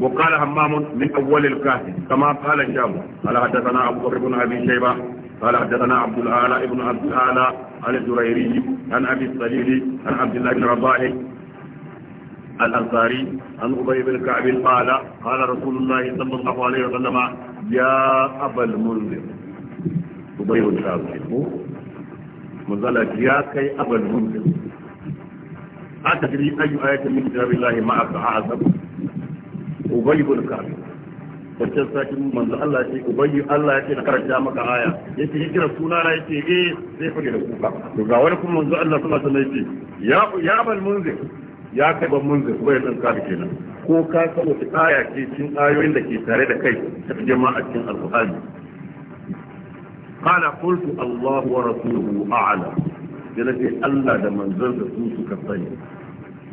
وقال همام من أول الكهف كما قال الشام قال حدثنا أبو بكر بن أبي شيبة قال حدثنا عبد الأعلى ابن عبد الأعلى عن الجريري عن أبي الصليل عن عبد الله بن رباح الأنصاري عن أبي بن كعب قال قال رسول الله صلى الله عليه وسلم يا أبا المنذر أبي بن كعب مزلك يا كي أبا المنذر أتدري أي آية من كتاب الله معك أعظم أبي بن كعب wancan sati manzo Allah ce ubayyu Allah yake na karanta maka aya yake ya kira suna na yake eh sai fage da kuka to ga wani kuma manzo Allah kuma sai wasallam yake ya ya abal munzir ya kai ban munzir bai dan ka kenan ko ka san wata aya ce cikin ayoyin da ke tare da kai ta jama'a cikin alqur'ani ala. yana ce Allah da جلت da su suka sani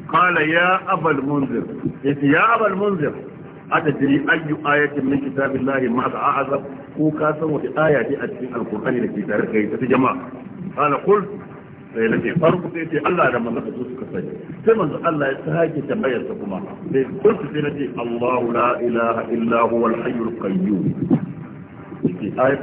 الطيب ya abal munzir المنذر ya abal munzir أتدري أي آية من كتاب الله معك أعظم وكاسا آية في القرآن التي تركه تتجمع أنا قلت sai na ce farko sai ce Allah da manzon su suka sani sai Allah ya sake tambayar kuma sai sai ce Allahu la ilaha illa huwa al-hayyul qayyum في آية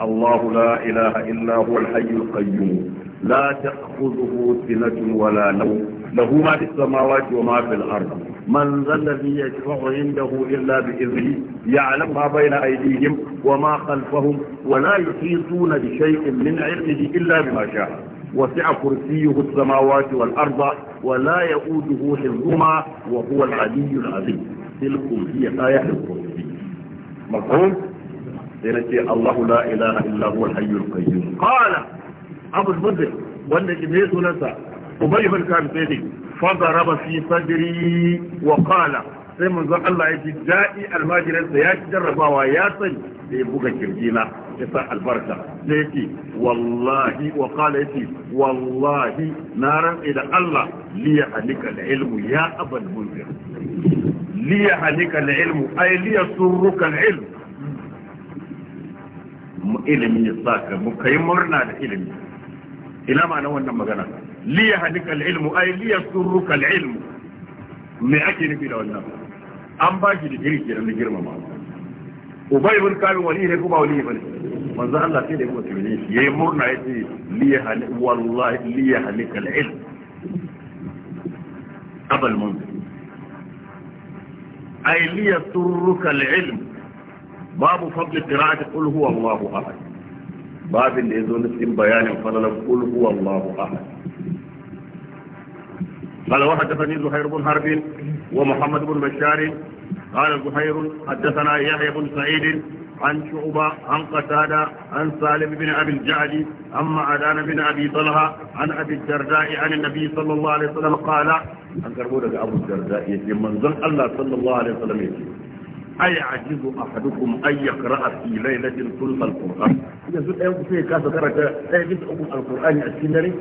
الله لا إله إلا هو الحي القيوم لا تأخذه سنة ولا نوم له ما في السماوات وما في الأرض من ذا الذي يشفع عنده إلا بإذنه يعلم ما بين أيديهم وما خلفهم ولا يحيطون بشيء من علمه إلا بما شاء وسع كرسيه السماوات والأرض ولا يؤوده حفظهما وهو العلي العظيم تلك هي آية الكرسي مفهوم؟ لنتي الله لا إله إلا هو الحي القيوم قال أبو المنذر وأنك نسى أبي بن فضرب في صدري وقال sai mun zo Allah ya ji daɗi almajiransa ya ci jarrabawa ya sani da ya buga kirjina ya sa albarka sai ya ce wallahi wa kala ya wallahi na ran da Allah liya halika da ilmu ya abal munzir liya halika da ilmu ai liya surruka da ilmu ilimi ya sa ka mu kai murna da ilimi ina ma na wannan magana لي ليهنك العلم أي ليسرك العلم مأكين في دولنا أمباجي لجريك لأن لجرم ما أبي بن كان وليه لكم وليه بن مزا الله كده هو تبنيش يمرنا يتي ليهنك والله لي ليهنك العلم قبل منذ أي لي ليسرك العلم باب فضل قراءة قل هو الله أحد باب اللي الإذن في البيان قل هو الله أحد قال وحدثني زهير بن حرب ومحمد بن بشار قال زهير حدثنا يحيى بن سعيد عن شعبة عن قتادة عن سالم بن أبي الجعد عن معدان بن أبي طلحة عن أبي الدرداء عن النبي صلى الله عليه وسلم قال أن كربونة أبو الدرداء من ظن الله صلى الله عليه وسلم يتيم أيعجز أحدكم أن يقرأ في ليلة ثلث القرآن يزول أيوك فيه كاسة كرة أيجز أيوة أبو القرآن أسكندري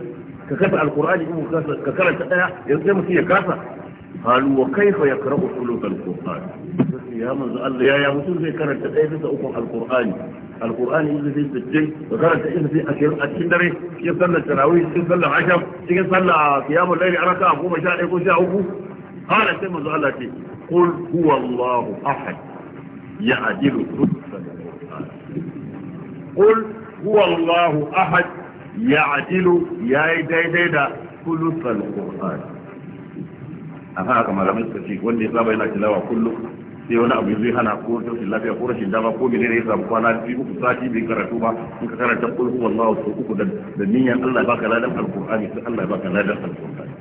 ka القرآن alkur'ani in ka karanta daya yanzu mutum قالوا وكيف يقرأ سلوك القرآن يا من قال يا يا مسلم زي كانت تقيد أخو القرآن القرآن يجي في السجن وكانت تقيد في أكل أشهر كيف صلى التراويح كيف صلى عشر كيف صلى قيام الليل عركة أخو مشاء أخو شاء أخو قال سيما زعلتي قل هو الله أحد يعدل ثلث القرآن قل هو الله أحد ya yayi daidai da sulusul qur'an a haka malamai suka ce wanda ya saba yana tilawa kullum sai wani abu zai hana ko rashin lafiya ko rashin dama ko menene ya samu kwana biyu uku sati bai karatu ba in ka karanta kullu wallahu Allahu sau uku da da niyyar Allah baka ladan alqur'ani sai Allah baka ladan alqur'ani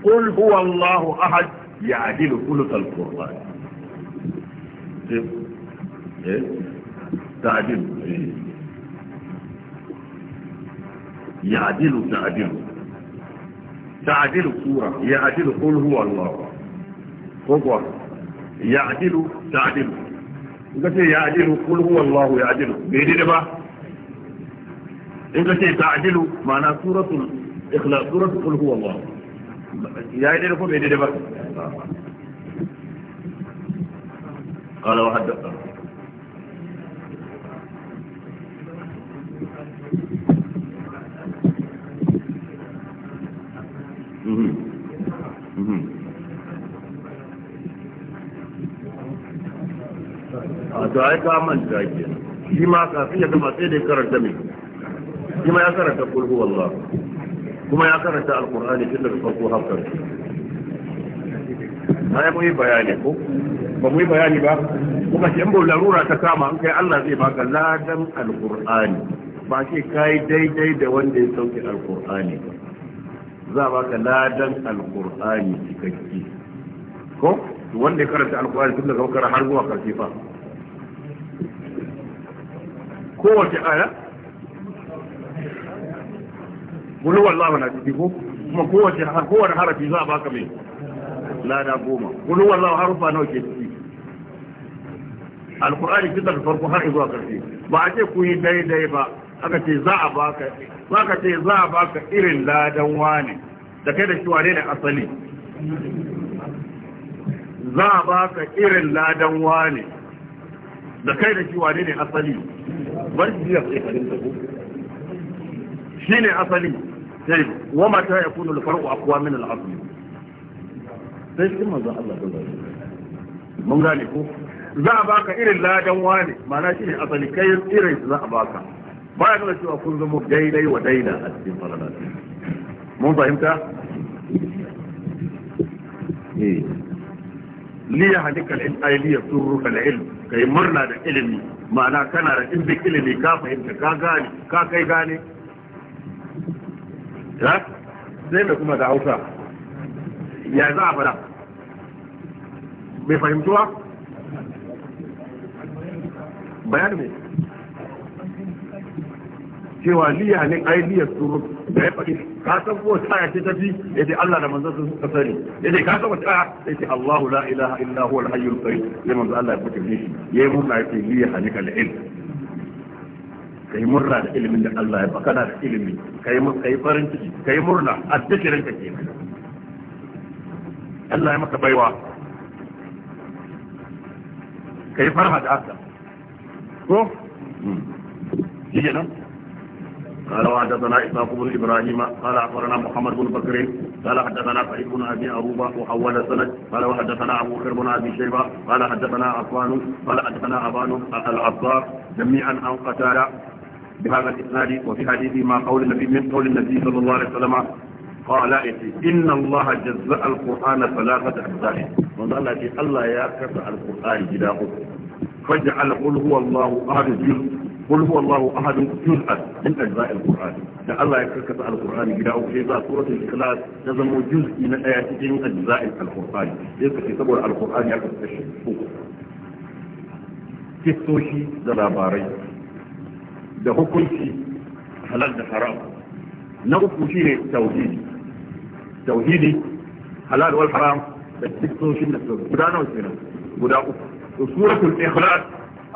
kul huwa Allahu ahad ya'dilu kulus alqur'an eh ta'dil eh. ya adilu ta adilu ta adilu sura ya adilu Allah ya adilu ta adilu in ya adilu Allah ya adilu bai ba in ta adilu suratul ikhlas suratul Allah ya yi daidai ko bai daidai ba قال وحدثنا to ai ka manta ke shi ma kafin ya gama sai dai karanta mai shi ma ya karanta kulhu wallah kuma ya karanta alkur'ani tun daga farko har karshe ai mun yi bayani ko ba mu yi bayani ba kuma shi in larura ta kama an kai Allah zai baka ladan alkur'ani ba shi kai daidai da wanda ya sauke alkur'ani ba za baka ladan alkur'ani cikakke ko wanda ya karanta alkur'ani tun daga bakara har zuwa karfe fa kowace aya gulu wallahu na ciki ko kuma kowace kowace harafi za a baka mai lada goma gulu wallahu harufa nawa ke ciki alqur'ani tun da farko har zuwa karshe ba a ce ku yi daidai ba aka ce za a baka za ka ce za a baka irin ladan wani da kai da shi wane ne asali za a baka irin ladan wani da kai da shi wane ne asali bar shi ya tsaye harin zago shi ne asali sai wa mata ya kunu alfar'u aqwa min al'azmi sai shi manzon Allah sallallahu alaihi wasallam mun gane ko za a baka irin ladan wane ma'ana shi ne asali kai irin za a baka baya nuna cewa kun zama daidai wa daida a cikin falala mun fahimta eh. liya hadika al'ilm ay liya surruka al'ilm yi murna da ilimi ma'ana kana da ɗimbin ilimi ka fahimta ka gane ka kai gane ya sai da kuma da hausa ya za a fara mai fahimtuwa bayan mai cewa liya ne ai liyar surutu da ya faɗi ka san ko tsaya ce ta fi ya ce Allah da manzon sun suka sani ya ce ka san ko tsaya ya ce Allahu la ilaha illa huwa al-hayyul qayyum sai manzon Allah ya fice shi yayi murna ya ce li ya halika al-ilm kai murna da ilimin da Allah ya baka da ilimi kai kai farin ciki kai murna addikirin ka kenan Allah ya maka baiwa kai farha da haka ko hmm. shi kenan قال وحدثنا إسحاق بن إبراهيم قال أخبرنا محمد بن بكر قال حدثنا سعيد بن أبي أروبة وحول السند قال وحدثنا أبو خير بن أبي شيبة قال حدثنا عفان قال حدثنا أبان العصار جميعا عن قتال بهذا الإسناد وفي حديث ما قول النبي من قول النبي صلى الله عليه وسلم قال إن الله جزاء القرآن ثلاثة أجزاء وقال لك الله يا كسر القرآن جدا فاجعل قل هو الله أهل جزء قل هو الله أحد جزءا من أجزاء القرآن ده الله يكركس على القرآن بلا أوشيزة سورة الإخلاص تزمو جزء من آيات من أجزاء القرآن يكركس على القرآن يكركس الشيء kistoshi da labarai da hukunci halal da haram na uku shi ne tauhidi tauhidi halal wal haram da kistoshin da guda nawa kenan guda uku to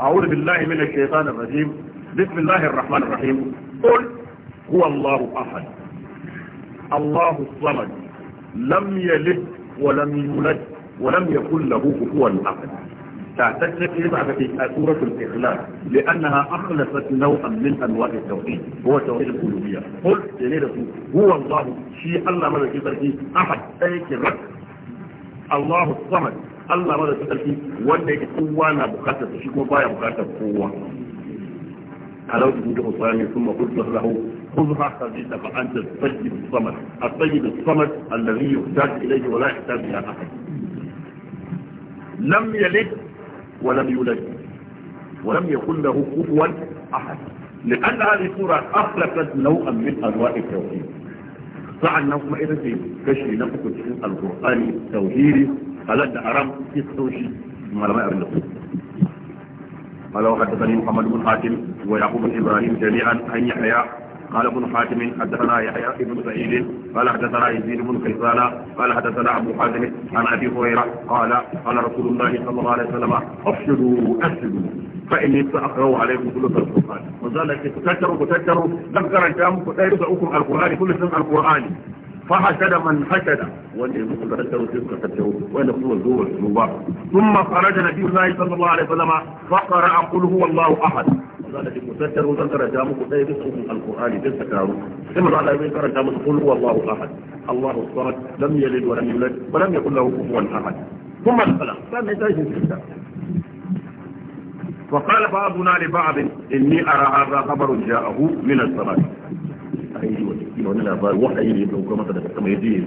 أعوذ بالله من الشيطان الرجيم بسم الله الرحمن الرحيم قل هو الله أحد الله الصمد لم يلد ولم يولد ولم يكن له كفوا أحد تعتقد بضعة سورة الإخلاص لأنها أخلصت نوعا من أنواع التوحيد هو توحيد الألوهية قل جليل هو الله شيء الله ملك أحد أي رد الله الصمد Allah ba da sarki wanda yake kowa na bukatar shi kuma baya bukatar kowa alau da usani kuma kullu lahu خذها خزينة فأنت السيد الصمد السيد الصمد الذي يحتاج إليه ولا يحتاج إلى أحد لم يلد ولم يولد ولم يكن له كفوا أحد لأن هذه السورة أخلقت نوعا من أنواع التوحيد فعلنا ما إذا في كشف نفسك القرآن التوحيدي halal da haram kistoshi malamai abin da قال وحدثني محمد بن حاتم ويعقوب بن ابراهيم جميعا عن يحيى قال ابن حاتم حدثنا يحيى بن سعيد قال حدثنا يزيد بن كيسان قال حدثنا ابو حاتم عن ابي هريره قال قال رسول الله صلى الله عليه وسلم افسدوا افسدوا فاني ساقرا عليكم كل القران وذلك تتكروا تتروا لم ترى انتم القران كل القران فحسد من حسد حشد ثم خرج نبي الله صلى الله عليه وسلم فقرأ قل هو الله أحد ذلك متذكر وذكر جامك طيب من القرآن بالتكارو كما قال ابن كرم جامك قل هو الله أحد الله الصمد لم يلد ولم يولد ولم يقل له كفوا أحد ثم الخلق فما يتعيش فقال بعضنا لبعض إني أرى هذا خبر جاءه من الصلاة aiki yi shi wani labari wahayi ne ya dauka masa daga sama ya je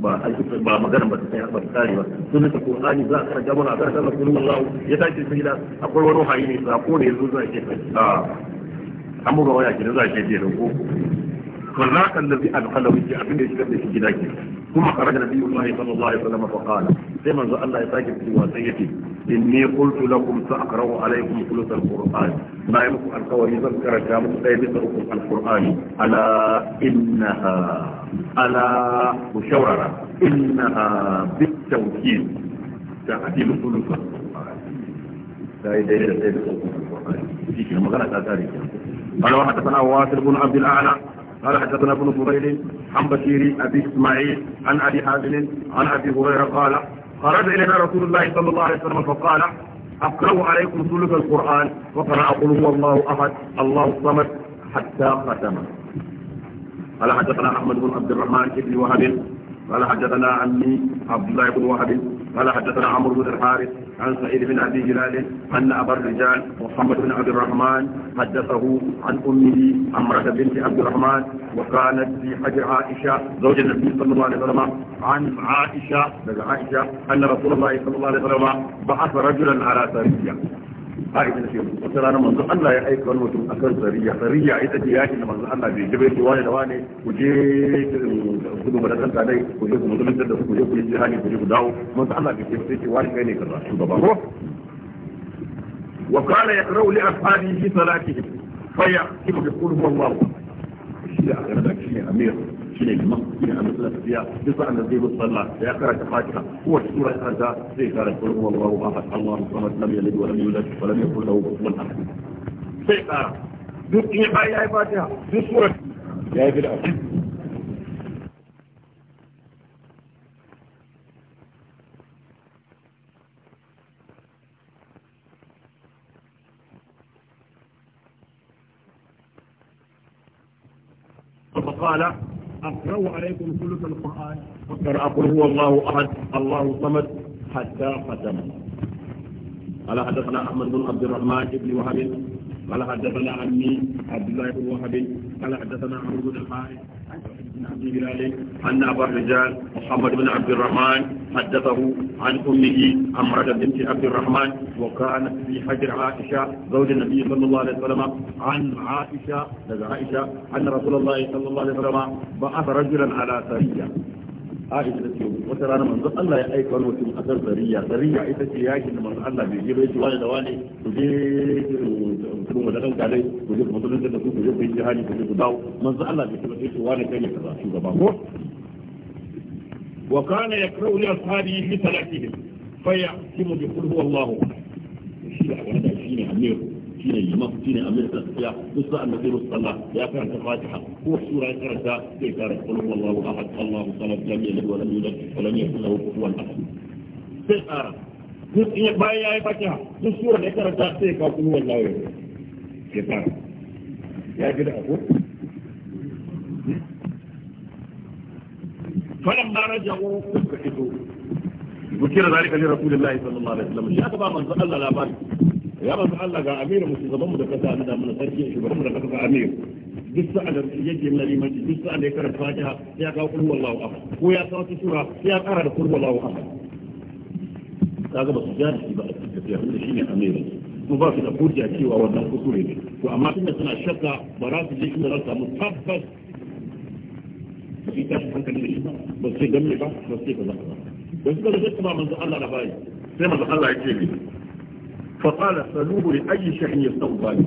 ba ba magana ba ta tsaya ba ta tsari ba sun ta qur'ani za a karanta mana a karanta mana Allah ya tashi sai da akwai wani wahayi ne sako ne yanzu za a ke a ah, an buga waya kenan za a ce je da ko فذاك الذي ادخله في أبن يشكر في جداك ثم خرج النبي صلى الله عليه وسلم فقال سيما الله يتاجب في واسيتي إني قلت لكم سأقرأ عليكم ثلث القرآن ما يمكن القواري ذكر كامل سيبتركم القرآن ألا إنها ألا مشورة إنها بالتوكيد تعديل ثلث القرآن سيدي سيبتركم القرآن فيك المغلقة ذلك قال وحدثنا واصل بن عبد الأعلى قال حدثنا ابن فضيل عن بشير أبي إسماعيل عن أبي حازم عن أبي هريرة قال خرج إلينا رسول الله صلى الله عليه وسلم فقال أقرأ عليكم ثلث القرآن وقرأ قل هو الله أحد الله الصمد حتى ختم قال حدثنا أحمد بن عبد الرحمن بن وهب قال حدثنا عني عبد الله بن وهب قال حدثنا عمرو بن الحارث عن سعيد بن ابي هلال ان ابا الرجال محمد بن عبد الرحمن حدثه عن امه امره بنت عبد الرحمن وكانت في حجر عائشه زوج النبي صلى الله عليه وسلم عن عائشه عائشه ان رسول الله صلى الله عليه وسلم بعث رجلا على سريه aisha ce wata rana manzo Allah ya aika wani mutum akan sariya sariya ita ce yakin da manzo Allah bai jibe wani da wani ku je eh, kudu da kanta dai ku je ku musulunta da ku je ku yi jihadi ku je ku dawo manzo Allah bai jibe ce wani kai ne kaza shugaba ko wa kana yaqra'u li ashabihi fi salatihim fa yaqulu bi qul huwallahu shi da aka da shi ne amir shi ne liman shi ne annabi sallallahu alaihi wasallam duk sa'an da zai bi sallah ya karanta fatiha ko wata sura ya karanta zai karanta qul huwallahu ahad allahu samad lam yalid wa lam yulad wa lam yakul lahu kufuwan ahad sai kara duk in ya yi fatiha duk sura ya yi bid'a قال أقرأ عليكم ثلث القرآن وقرأ قل هو الله أحد الله صمد حتى ختم قال حدثنا أحمد بن عبد الرحمن بن وهب قال حدثنا عمي عبد الله بن وهب قال حدثنا عمرو بن الحارث عن ابا الرجال محمد بن عبد الرحمن حدثه عن امه عمرة بنت عبد الرحمن وكانت في حجر عائشه زوج النبي صلى الله عليه وسلم عن عائشه عائشه ان رسول الله صلى الله عليه وسلم بعث رجلا على سريه عائشة تقول وترى أنا من manzon Allah ya aika wani mutum a kan zariya zariya ita ce yakin da manzon Allah bai musulun wanda ɗauka dai ku je ku musulun da ku je ku yi jihadi ku je ku dawo manzo Allah bai taɓa cewa wani kai ne kaza shugaba ko wa kana yakrau li ashabihi bi talaqihim fa yahkimu bi qul huwallahu shi da wanda shi ne amir shi ne imam shi ne amir ta tafiya duk sa'an da zai musu sallah ya karanta fatiha ko sura ya karanta zai karanta qul huwallahu ahad allahu samad lam yalid wa lam yulad wa lam yakul lahu kufuwan ahad sai tsara duk bayan ya yi fatiha duk sura da ya karanta sai ka kuma wallahi ya fara ya ji da ako falan suka fito bukira sallallahu alaihi wasallam ka ba manzo Allah labari ya manzo Allah ga mu da kasa na da sarki da kasa duk da yake na duk da karanta fatiha ya kullu wallahu ko ya sura ya kara da kullu wallahu kaga ba su da ba a cikin tafiya to ba su da hujja cewa wannan kuskure ne to amma tunda suna shakka ba za su je inda za su samu tabbas ba su tashi hankali da shi ba ba su ce ba ba su ce da kuma manzo Allah da bai sai manzo Allah ya ce ni fa qala saluhu li ayi shay'in yastawbani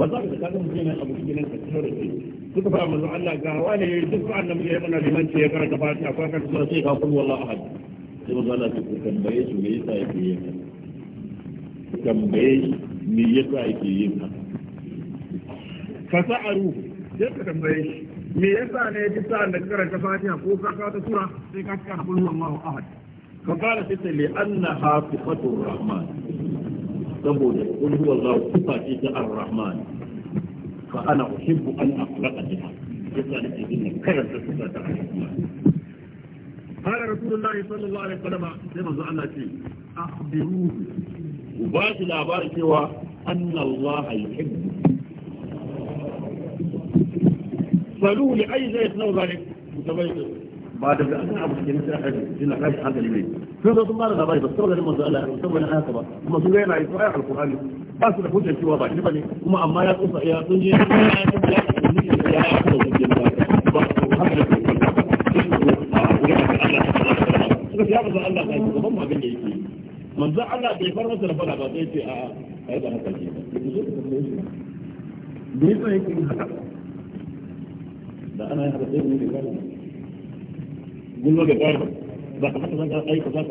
ba za ka ga mun yana abu cikin ka tsare shi suka fara manzo Allah ga wani ya duk annabi ya mana liman ce ya karanta fatiha fa ka tsare sai ka kullu wallahi ahad sai manzo Allah ya tambaye su me yasa yake yi tambaye shi me sa yake yin haka fasa'aru sai ka tambaye shi me sa ne duk sa'an da ka karanta fatiha ko ka kawo ta sura sai ka karanta kullu Allahu ahad fa qala sai li anna hafiqatu rahman saboda kullu Allahu sifati ta ar-rahman fa ana uhibbu an aqra'a biha yasa nake yin karanta sura ta ar-rahman قال رسول الله صلى الله عليه وسلم كما قال الله أخبروه ba shi labarin cewa annallaha yuhibbu salu li ayi zai tsawo zalik ba da an abu da mutum aka yi ina kashi ne da manzo Allah na haka ba kuma sun yana yi tsaya alqur'ani ba su da hujjar cewa ba bane kuma amma ya tsufa ya sun je ya ya manzo Allah bai far masa da fada ba sai ce a a yi da haka ne haka da ana ne da da ba ka haka zan ka ka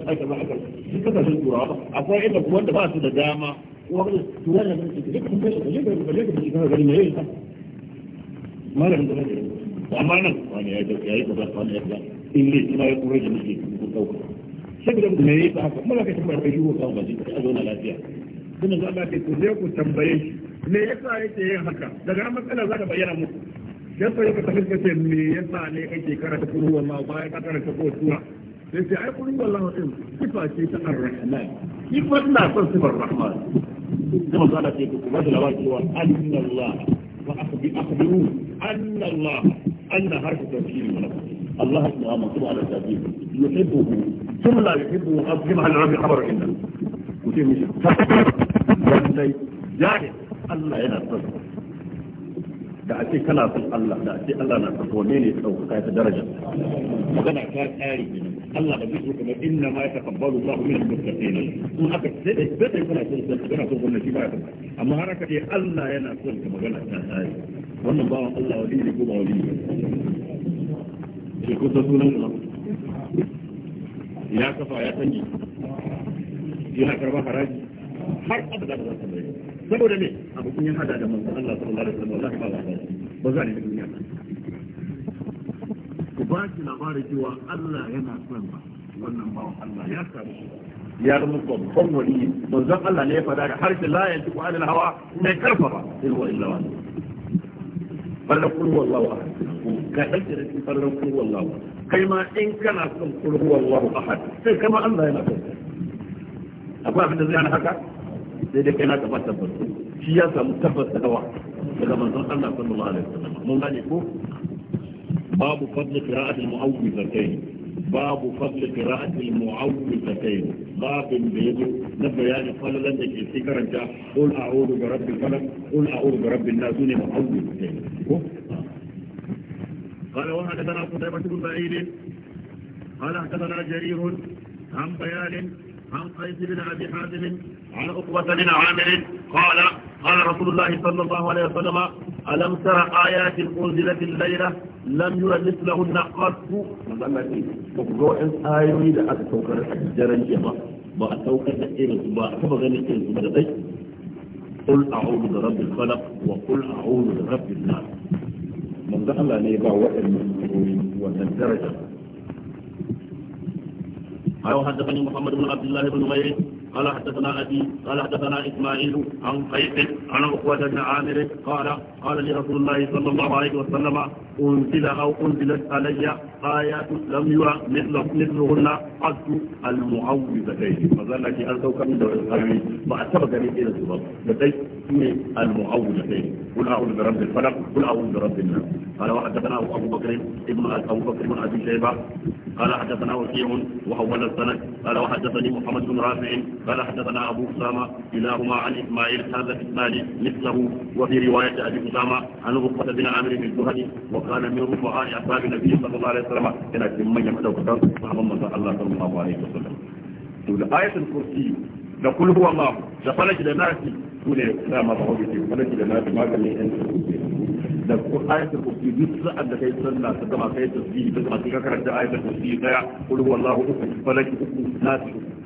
duk akwai inda kuma ba su da dama ne da kuma ne da amma nan wani ya yi wani ya in ne kuma ya kura da ɗauka saboda me yayi ba kuma mala ka tambaya kai yiwo kawo baji ka zo na lafiya kuma za ka ce ku je ku tambaye shi me yasa yake yin haka daga nan matsala za ka bayyana muku yasa yake tafi ka ce me yasa ne kake karanta kuruwa ma ba ka karanta ko sura sai sai ai kuruwa Allah din a ce ta ar-rahman sifa na son sifar rahman kuma za ka ce ku ba da wa anna wa akhbiru anna Allah anna harfu tawkid malaka الله سبحانه مكتوب على تأديبه يحبه ثم لا يحبه وقد جمع العربي خبر عنده وفي مشكلة يعني, يعني الله لا تصدر دعتي كلا في الله دعتي الله لا تصدر ومين يتوقف كيف درجة وقد اعتاد آري الله قد يقول إنما يتقبل الله من المتقين ثم أكد سيئة بيت يكون أصدر سيئة بنا سوف النسيب أعتم أما هركتي الله ينا سيئة وقد اعتاد آري وأنه الله وليه يقول وليه ke kusa sunan ba ya kafa ya sanyi haraji har abada ba za ta saboda ne abu kun yi hada da manzon Allah sallallahu alaihi wasallam wallahi ba za ta ba za ne da duniya ku ba ki labarin cewa Allah yana son ba wannan Allah ya samu shi ya zama babban Allah ne ya fada da harshen la yanzu ku alal hawa mai karfafa ilwa illa ga kai ma in kana son kurwallahu ahad sai kama Allah yana son akwai abin da zai hana haka sai dai na gaba tabbas shi ya samu tabbas da dawa daga manzon Allah sallallahu alaihi wasallam mun gane ko babu fadli qira'atul mu'awwidhatayn باب فضل قراءة المعوذتين باب بيدو نبيان فللا bi سيكرا قل أعوذ برب الفلق قل أعوذ قال وحدثنا قتيبة بن بعيد قال حدثنا جرير عن بيان عن قيس بن ابي حازم عن عقبة بن عامر قال قال رسول الله صلى الله عليه وسلم ألم ترى آيات أنزلت الليلة لم ير مثلهن قط وقوعن آيوي da aka saukar a daren jama قل أعوذ برب الخلق وقل أعوذ برب الناس manzo Allah ne ba waɗannan surori wannan daraja. أو حدثني محمد بن عبد الله بن غيره قال حدثنا أبي قال حدثنا إسماعيل عن قيس عن أخوة بن عامر قال قال لرسول الله صلى الله عليه وسلم أنزل أو أنزلت علي آيات لم يرى مثل مثلهن قد المعوذتين فذلك في أنتوك من دور القرمي ما أتبقى لي إلى الزبط لدي المعوذتين قل أعوذ برب الفلق قل أعوذ برب الناس قال وحدثنا أبو بكر ابن أبو بكر بن أبي شيبة قال حدثنا وكيع وحول السند قال وحدثني محمد بن رافع بل حدثنا ابو اسامه كلاهما عن اسماعيل هذا اسماعيل مثله وفي روايه ابي اسامه عن غرفه بن عامر بن الزهد وقال من رفعاء اصحاب النبي صلى الله عليه وسلم كان في من يمدو الله صلى الله عليه وسلم. تقول آية الكرسي نقول هو الله لفلج لناس تقول لا ما بعوضك آية أن تيسر آية الناس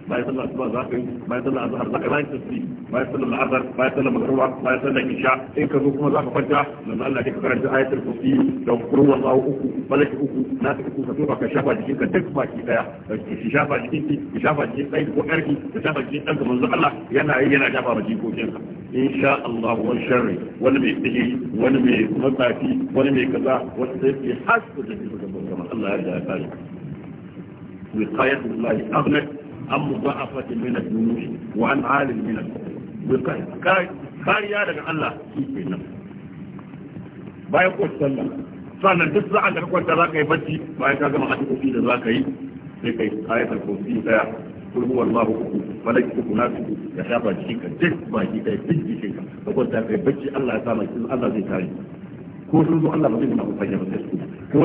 bayan sallar asuba za ka yi bayan sallar azhar za ka bayan tasbih bayan sallar azhar bayan sallar magruba bayan sallar isha in ka zo kuma za ka kwanta nan Allah ya karanta ayatul kursi da qur'an wallahu uku balaki uku na ta uku ka tofa ka shafa jikin ka duk baki daya ki shafa jikin ki ki shafa jikin dai ko karki ki shafa jikin dan ka manzo Allah yana yi yana shafa jikokin ka insha Allah wa sharri wani mai tsiri wani mai matsafi wani mai kaza wani sai ki hasu da jikin ka Allah ya yarda ya kare aghnat an mudha'afatin min mina dunu wa an 'alin mina al-qur'an kariya daga Allah shi kenan bayan ko sallah sannan duk za'a daga kwanta zaka yi bacci bayan ka gama addu'o'i da ka yi sai kai ayatul kursi daya kul huwa allah uku malaki uku na uku ya shafa jikin ka duk shi kai duk jikin ka ka kwanta kai bacci Allah ya sa mai Allah zai kare ko sun zo Allah ba zai nuna ku fanya ba sai su ko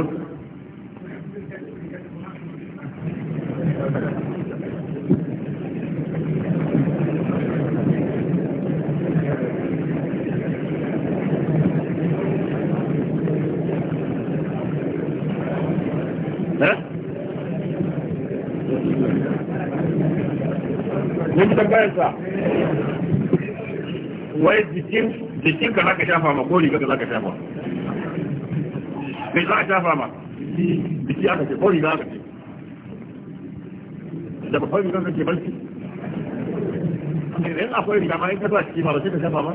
jikin ka shafa ma ko riga ka shafa me za ka shafa ma aka ko ce da ba riga kake barci in akwai riga ma ka ka shafa ma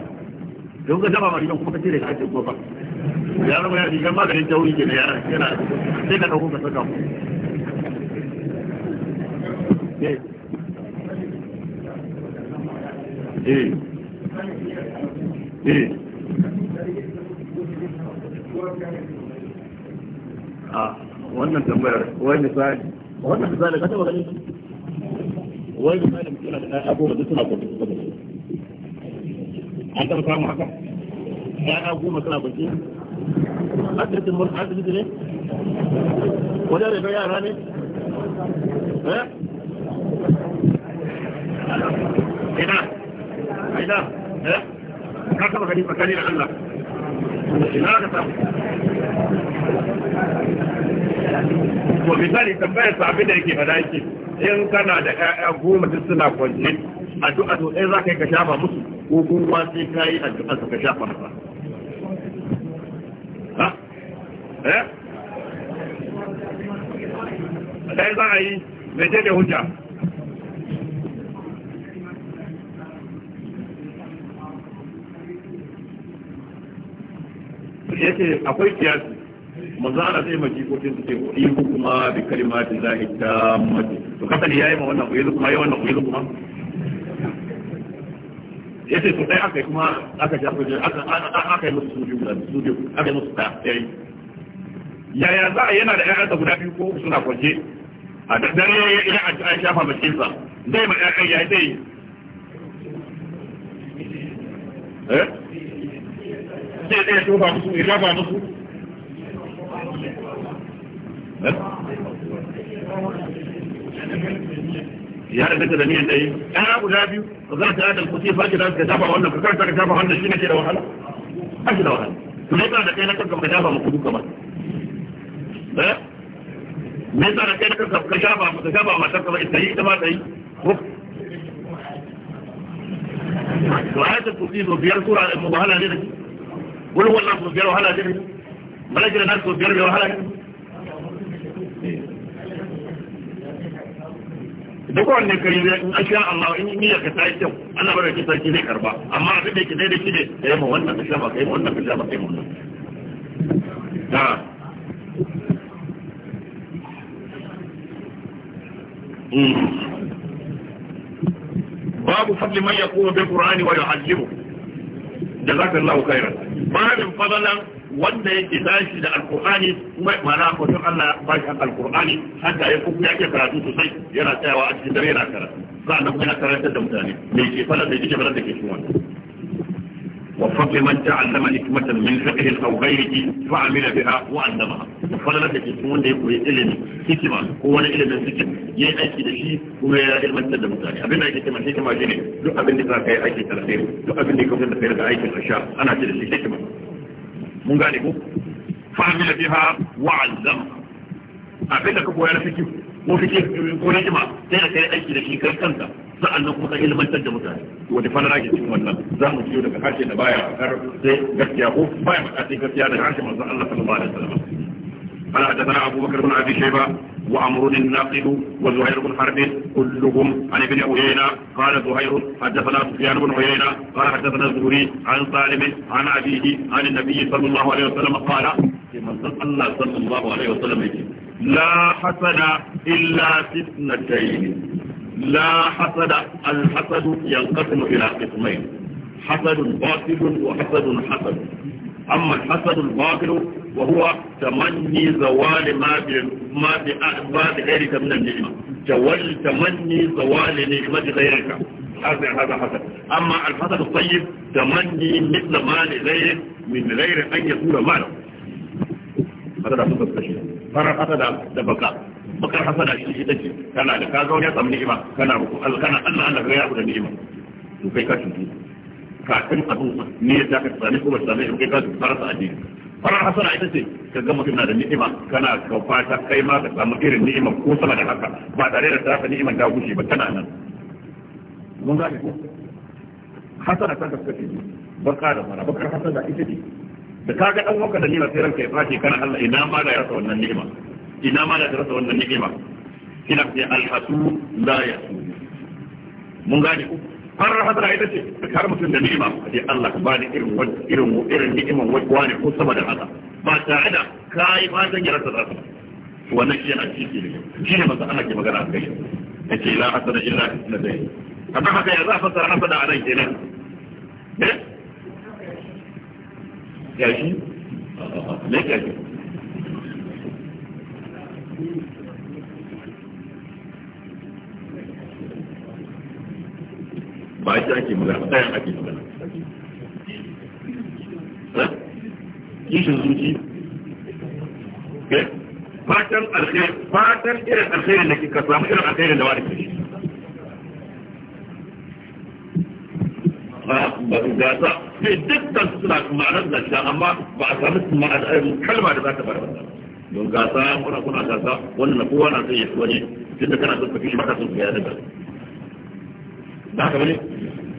don ka shafa ma kuma ka da ka ce ya ya maganin ke da yara yana sai ka dauko ka saka mu eh, eh. Eh. a ah, wannan tambayar wai misali wannan misali ka taba ganin wai misali mutum da ɗaya abubuwa da suna kwanci an taba samun haka suna kwanci ne wajen eh ina ina eh ka taba gani tsakani da Allah ina ka ta to misali tambayar sa abin da yake fada yake in kana da ƴaƴa goma duk suna kwanje addu'a to ɗaya za ka yi ka shafa musu ko kuma sai ka yi addu'a ka shafa masa ha eh ɗaya za a yi mai ce da hujja yace akwai kiyasi manzo Allah sai maki ko tin ce yi kuma bi kalimati ta tammati to kasan yayi ma wannan uyi kuma yayi wannan uyi kuma yace to dai aka kuma aka ji aka aka aka yi musu sujudu da sujudu aka yi musu ta yayi yaya za a yana da ƴaƴansa guda biyu ko suna kwance a dare ya ya shafa bakinsa zai ma ƴaƴan ya zai eh sai zai tofa musu ya shafa musu ya daga da niyan dai ɗaya guda biyu ba za ta adal kusi farki da ka shafa wannan ka karta ka shafa wannan shi ne ke da wahala ba shi da wahala to ne da kai na kanka ka shafa muku duka ba eh me yasa da kai na kanka ka shafa ka shafa ma kanka ba ita yi ita ma ta yi to ayatul kusi biyar sura mubahala ne da gulu wannan ko biyar wahala ne malakira nan ko biyar biyar wahala ne duk wannan kari ne in asha Allah in yi ka ta yi kyau ana bar ki sarki zai karba amma abin da yake daidai shi ne kai mu wannan ka shafa kai mu wannan ka shafa kai mu wannan da hmm. babu fadli man yaqumu bil qur'ani wa yu'allimu jazakallahu khairan babin fadalan wanda yake tashi da alkur'ani kuma mana mutum Allah ba shi alkur'ani hatta ya kuma yake karatu sosai yana tsayawa a cikin dare yana karatu za sa'an kuma karanta da mutane me ke fara da yake da ke shi wannan وفضل من تعلم حكمة من فقه أو غيره فعمل بها وعلمها da da ke cikin wanda ya koyi hikima ko wani ilimin fikir ya yi aiki da shi kuma ya ilmantar da mutane abin da ake cewa hikima shi ne duk abin da ka yi da alheri duk abin da ya kafa da kai da aikin ana ce da shi hikima mun gane ko fa'amila biha wa'azzam abin da ka koya na fikir ko fikir ko hikima sai ka kai aiki da shi kai kanka sa'annan kuma ka ilmantar da mutane wani fara ke cikin wannan za mu ciyo daga harshe da baya har sai gaskiya ko baya makasin gaskiya daga harshe manzon Allah sallallahu alaihi wasallam قال حدثنا أبو بكر بن أبي شيبة وعمر الناقد وزهير بن حرب كلهم عن ابن عيينة قال زهير حدثنا سفيان بن عيينة قال حدثنا الزهري عن سالم عن أبيه عن النبي صلى الله عليه وسلم قال الله صلى الله عليه وسلم لا حسد إلا في اثنتين لا حسد الحسد ينقسم إلى قسمين حسد باطل وحسد حسد أما الحسد الباطل وهو تمني زوال ما ما بعد غيرك من النعمة تولي تمني زوال نعمة غيرك هذا هذا حسن أما الحسن الطيب تمني مثل ما لغيرك من غير أن يكون ماله هذا حسن الطيب فرا حسن ده بكاء بكاء حسن ده شيء تجي كان على كذا وجه تمني ما كان على كان على أن غيره من النعمة وبيكاتي كاتم أبوه نية تأكل سامي كوبا سامي وبيكاتي فرا تأجيه fara hasana ita ce ka ga mutum na da ni'ima kana ka fata kai ma ka samu irin ni'ima ko sama da haka ba tare da ta ni'ima ta gushe ba tana nan mun gane ko hasana ta ce barka da fara barka hasana ita ce da ka ga dan wanka da ni'ima sai ranka ya fashe kana Allah ina ma da ya rasa wannan ni'ima ina ma da ya rasa wannan ni'ima kina ce alhasu la yasu mun gane ko farar hadara ita ce har mutum da ni'ima sai Allah ka bani irin irin irin ni'iman wani ko sama da haka ba tare da kai fatan ya rasa zafi wannan shi yana ciki ne shi ne masa Allah ke magana a kai yace la asana illa na dai amma haka ya za fasara asana a nan kenan eh ya shi ne ya shi ba ake ake magana ɗayan ake magana kishin zuci eh, fatan alkhairi fatan irin alkhairi da kika samu irin alkhairi da wani kishi ba gasa sai dukkan suna ma'anar zanta amma ba a samu kalma da za ta ba don gasa kuna kuna gasa wannan na kowa na sai ya wani tunda kana son ka kishi ba ka ba ka ba da haka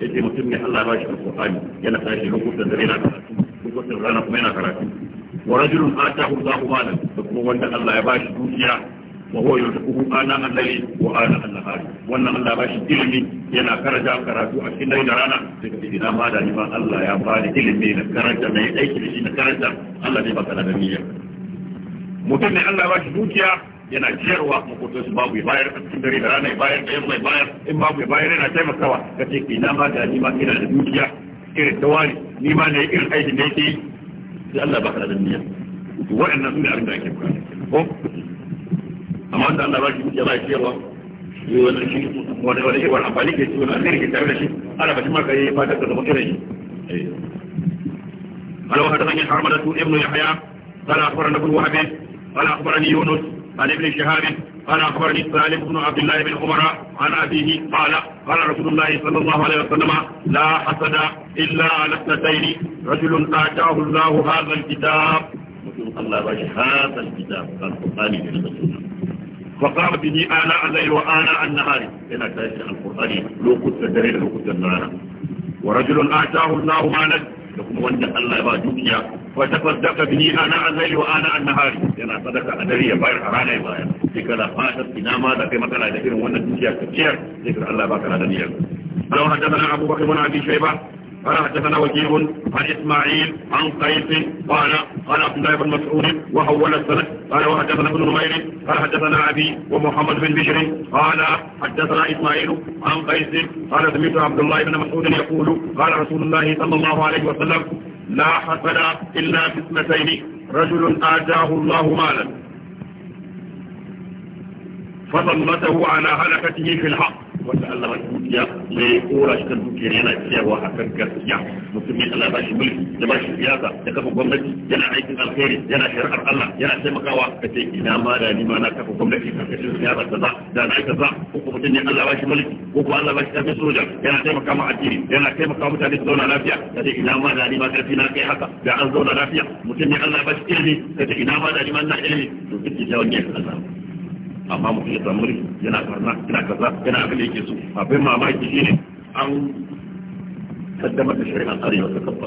yace mutum ne Allah ba shi alqur'ani yana tashi lokutan rana kuma yana karatu wa rajulun da kuma wanda Allah ya ba shi dukiya wa huwa yunfiqu ana wa ana wannan Allah ba shi ilimi yana karanta karatu a cikin da rana sai ka ina ma da ni ma Allah ya ba ni ilimi na karanta mai aiki da shi na karanta Allah da niyya mutum ne Allah ba shi dukiya yana ciyarwa makoto su babu ya bayar a cikin dare da rana ya bayar da yamma ya bayar in babu ya bayar yana taimakawa ka ce ina ma da ni ma ina da dukiya irin tawari ni ma ne irin aikin da yake yi sai Allah baka da niyya waɗannan su ne abin da ake bukata ko amma da Allah ba shi dukiya ba ya ciyarwa yi wani shi wani wani shi wani amfani ke ci wani alheri ke tare da shi ana ba shi ma ka yi fata ka zama irin shi قال وحدثني حرمدة ابن يحيى قال أخبرنا ابن وهب قال أخبرني يونس عن ابن شهاب قال أخبرني سالم بن عبد الله بن عمر عن أبيه قال قال رسول الله صلى الله عليه وسلم لا حسد إلا على اثنتين رجل آتاه الله هذا الكتاب الله هذا الكتاب القرآني من فقام به آلاء الليل وآلاء النهار هنا تأتي القرآن لو كنت دريل لو كنت النهار ورجل آتاه الله مالا لكم وانت الله يبا وتصدق به انا الليل وانا النهار yana sadaka a dare ya bayar a rana ya bayar sai kana fatar ina ma da kai magana da irin wannan dukiya ka ciyar sai ka Allah baka da niyyar Allah haddana Abu Bakr ibn Abi Shayba قال حدثنا وكيع عن اسماعيل عن قيس قال قال عبد الله بن مسعود وحول السند قال وحدثنا ابن نمير قال حدثنا ابي ومحمد بن بشر قال حدثنا اسماعيل عن قيس قال سمعت عبد الله بن مسعود يقول قال رسول الله صلى الله عليه وسلم لا حسن إلا باسمتين رجل آتاه الله مالا فضلته على هلكته في الحق wanda Allah ba dukiya ne ya kora shi kan dukiyar yana cewa a kan gaskiya mutum ne Allah ba shi mulki Ya ba shi siyasa ya kafa gwamnati yana aikin alheri yana shari'ar Allah yana taimakawa ka ce ina ma da ni ma na kafa gwamnati Ka karkashin siyasa ta za da na kaza ko kuma mutum ne Allah ba shi mulki ko kuma Allah ba shi karfin soja yana taimaka ma addini yana taimaka mutane su zauna lafiya ka ce ina ma da ni ma karfi na kai haka da an zauna lafiya mutum ne Allah ba shi ilimi ka ce ina ma da ni ma na ilimi to duk da jawon ne Allah amma mu iya tamuri yana karna yana kaza yana abin da yake so abin mamaki shine an kaddamar da shari'ar arewa ta kafa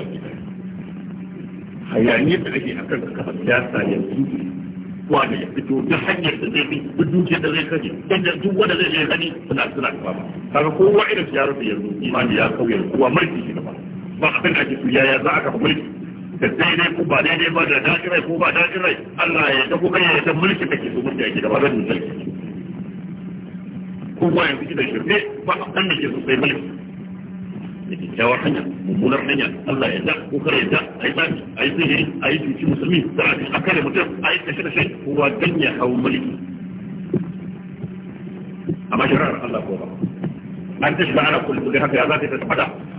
hayaniyar da ake akan kafa siyasa yanzu da ya fito da hanyar da zai fi duk da zai kaje yadda duk wanda zai je gani suna suna kama kaga kowa irin ziyarar da yanzu imani ya kauye kowa mulki shi ba ba abin da ake so ya za a kafa mulki da daidai ko ba daidai ba da daɗin rai ko ba daɗin Allah ya ta kuka ya ta mulki take yake da ba zan ko ba yanzu da shirme ba kan da ke so sai mulki da kyakkyawar hanya mummunar hanya Allah ya da kuka ya a yi tsaki a yi sihiri a yi musulmi da a kare mutum a yi kashe kashe kowa dan ya hau mulki amma shirar Allah ko ba an tashi ba ana kullum haka ya za ta yi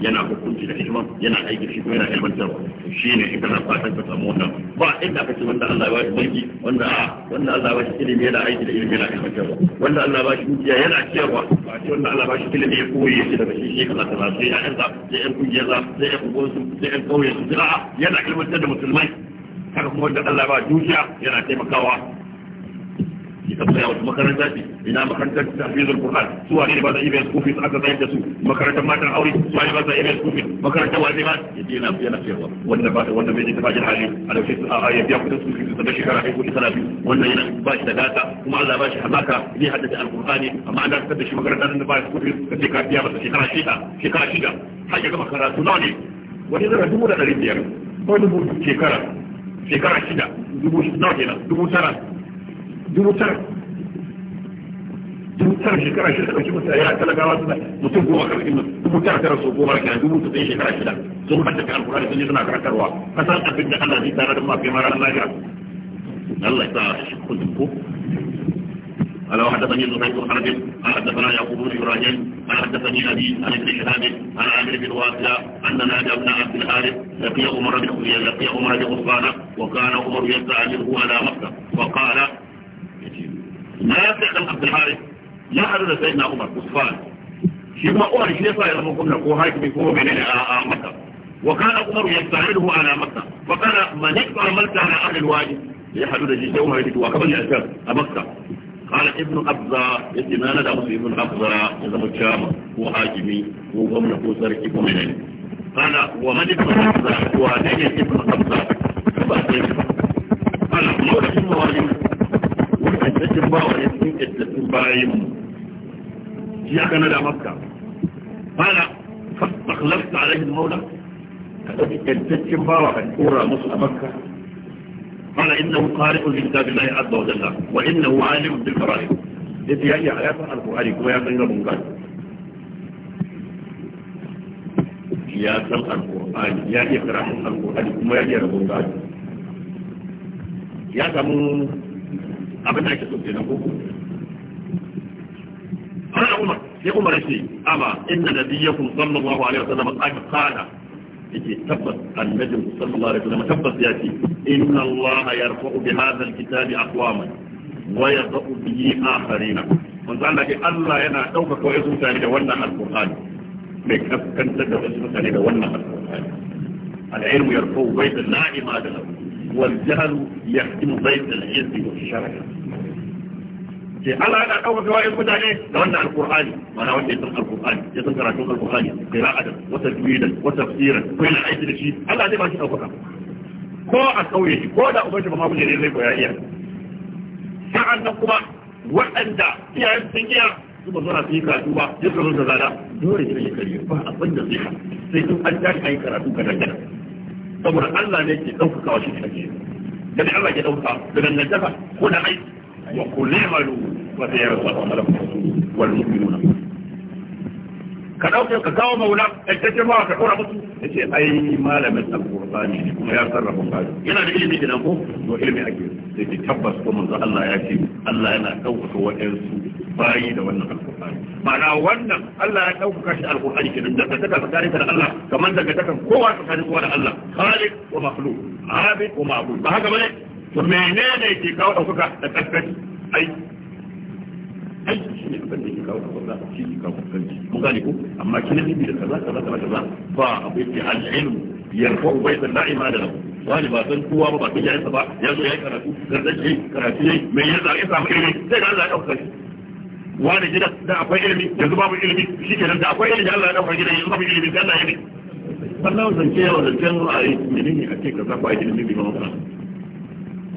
yana hukunci da ilman yana aiki shi ko yana ilmantarwa shi ne in kana fatan ka samu wannan ba inda kake wanda Allah ya bashi mulki wanda a wanda Allah ya bashi ilimi yana aiki da ilimi yana ilmantarwa wanda Allah ya bashi dukiya yana ciyarwa ba shi wanda Allah ya bashi ilimi ya koyi shi daga shi shi kaza kaza sai ya yanka sai yan kungiyar za sai ya yan kungonsu sai yan kauyen su yana ilmantar da musulmai haka kuma da Allah ya ba dukiya yana taimakawa ita tsaya wata makaranta ce ina makarantar tafizul qur'an su wani ba za Ibn kufi aka tsayar da su makarantar matan aure su wani ba za Ibn kufi makarantar wani ba yaje yana yana cewa wanda ba wanda bai da bajin hali a dauke su a ya biya kudin su su da shekara ai kudi talabi wannan yana ba shi da gata kuma Allah ba shi hazaka zai haddace alqur'ani amma an dakatar da shi makarantar da ba su kufi kace ka biya masa shekara shida shekara shida har ya gama karatu nawa ne wani zara dubu da ɗari biyar ko dubu shekara shekara shida dubu nawa kenan dubu tara dubutar dubutar shekara shida ɗauki mutu ya talagawa suna mutum goma karfi dubutar tara so goma kenan dubu ta tsaye shekara shida sun hajjar kan alkurari sun yi suna karatarwa kasan abin da Allah zai tare da mafi mara Allah ya Allah ya sa shi kullum ko قال وحدثني زهير بن حرب قال حدثنا يعقوب بن ابراهيم قال حدثني ابي عن ابن شهاب عن عامر بن واسع ان نادى بن عبد الحارث لقي عمر بن لقي عمر بن عثمان وكان عمر يستعمله على مكه وقال na sai dan abdul harith ya haɗu da sayyidina umar usman shi kuma umar shi yasa ya zama gwamna ko hakimi ko menene a makka wa kana umar ala makka wa kana man ala ahli alwadi ya haɗu da shi sai umar ya ya a makka ابن أبزا يتنا ندع ابن أبزا إذا ko هو حاجمي هو غمنا هو سركي ومنين قال ومن ابن أبزا هو ابن أبزا قال مولى ابن ba wa yasin ƙaƙƙaƙin bayan shi aka nada maka bana fasakhlafta alaihin maula ka ɗauki ƙaƙƙaƙin bawa ka tura musu a makka قال إنه قارئ لكتاب الله عز وجل وإنه عالم بالفرائض إذ هي آيات القرآن كما يقول ابن قال يا سمع القرآن يا إقراء القرآن كما يقول ابن قال يا سمون abin da ake so kenan ko har umar ya umar shi amma inna nabiyyakum sallallahu alaihi wasallam qad qala yake tabbas annabin sallallahu alaihi wasallam tabbas ya ce inna allaha yarfa'u bi hadha alkitabi aqwaman wa yadha'u bihi akharina manzo Allah ke Allah yana ɗaukaka wasu mutane da wannan alƙur'ani mai kaskantar da wasu mutane da wannan alƙur'ani al'ilmu yarfau bai da na'ima da lahu والجهل يحكم بين العز والشرع ce Allah ya kawo ga wa'in mutane da wannan alqur'ani mana wanda ya san alqur'ani ya san karatun alqur'ani qira'atan wa tajwidan wa tafsiran ko yana aiki da shi Allah zai ba shi dauka ko a kauye shi ko da ubanci ba ma buje ne zai koya iya sa'an nan kuma waɗanda iyayen sun iya su ba zana su yi karatu ba ya zo da zada dole ne ya kariya ba abin da zai sai sun an tashi yi karatu kadan kadan saboda Allah ne ke ɗaukaka wa shi shi da ne Allah ke ɗauka da nan dangantaka ko da aiki wa kullu malu wa sayar wa malakum wal mu'minuna ka dauke ka kawo maula ita ba ka dora musu yace ai malamin alqur'ani ne kuma ya sarrafa ba yana da ilimi kenan ko to ilimi ake sai ki tabbas ko manzo Allah ya ce Allah yana dauka waɗansu bayi da wannan alqur'ani ma'ana wannan Allah ya dauka shi alqur'ani kenan da daga tsakanin da Allah kamar daga takan kowa tsakanin kowa da Allah khaliq wa makhluq abid wa ma'bud ba haka bane to menene ke kawo dauka da kaskaci ai aiki shi ne abin da ke kawo ka kaza shi ke kawo ka mu gane ko amma kina bibi da kaza kaza kaza kaza ba abin da al-ilm yarfa bai da la'ima da lahu wani ba san kowa ba ba san yayin ba ya zo ya yi karatu gardan shi karatu ne mai ya zai samu ilimi sai ga Allah ya dauka shi wani gida da akwai ilimi yanzu babu ilimi shi kenan da akwai ilimi Allah ya dauka gidan yanzu babu ilimi sai Allah ya ne Allah zance yawa zancen ra'ayi menene ake kaza ba ilimi bi ma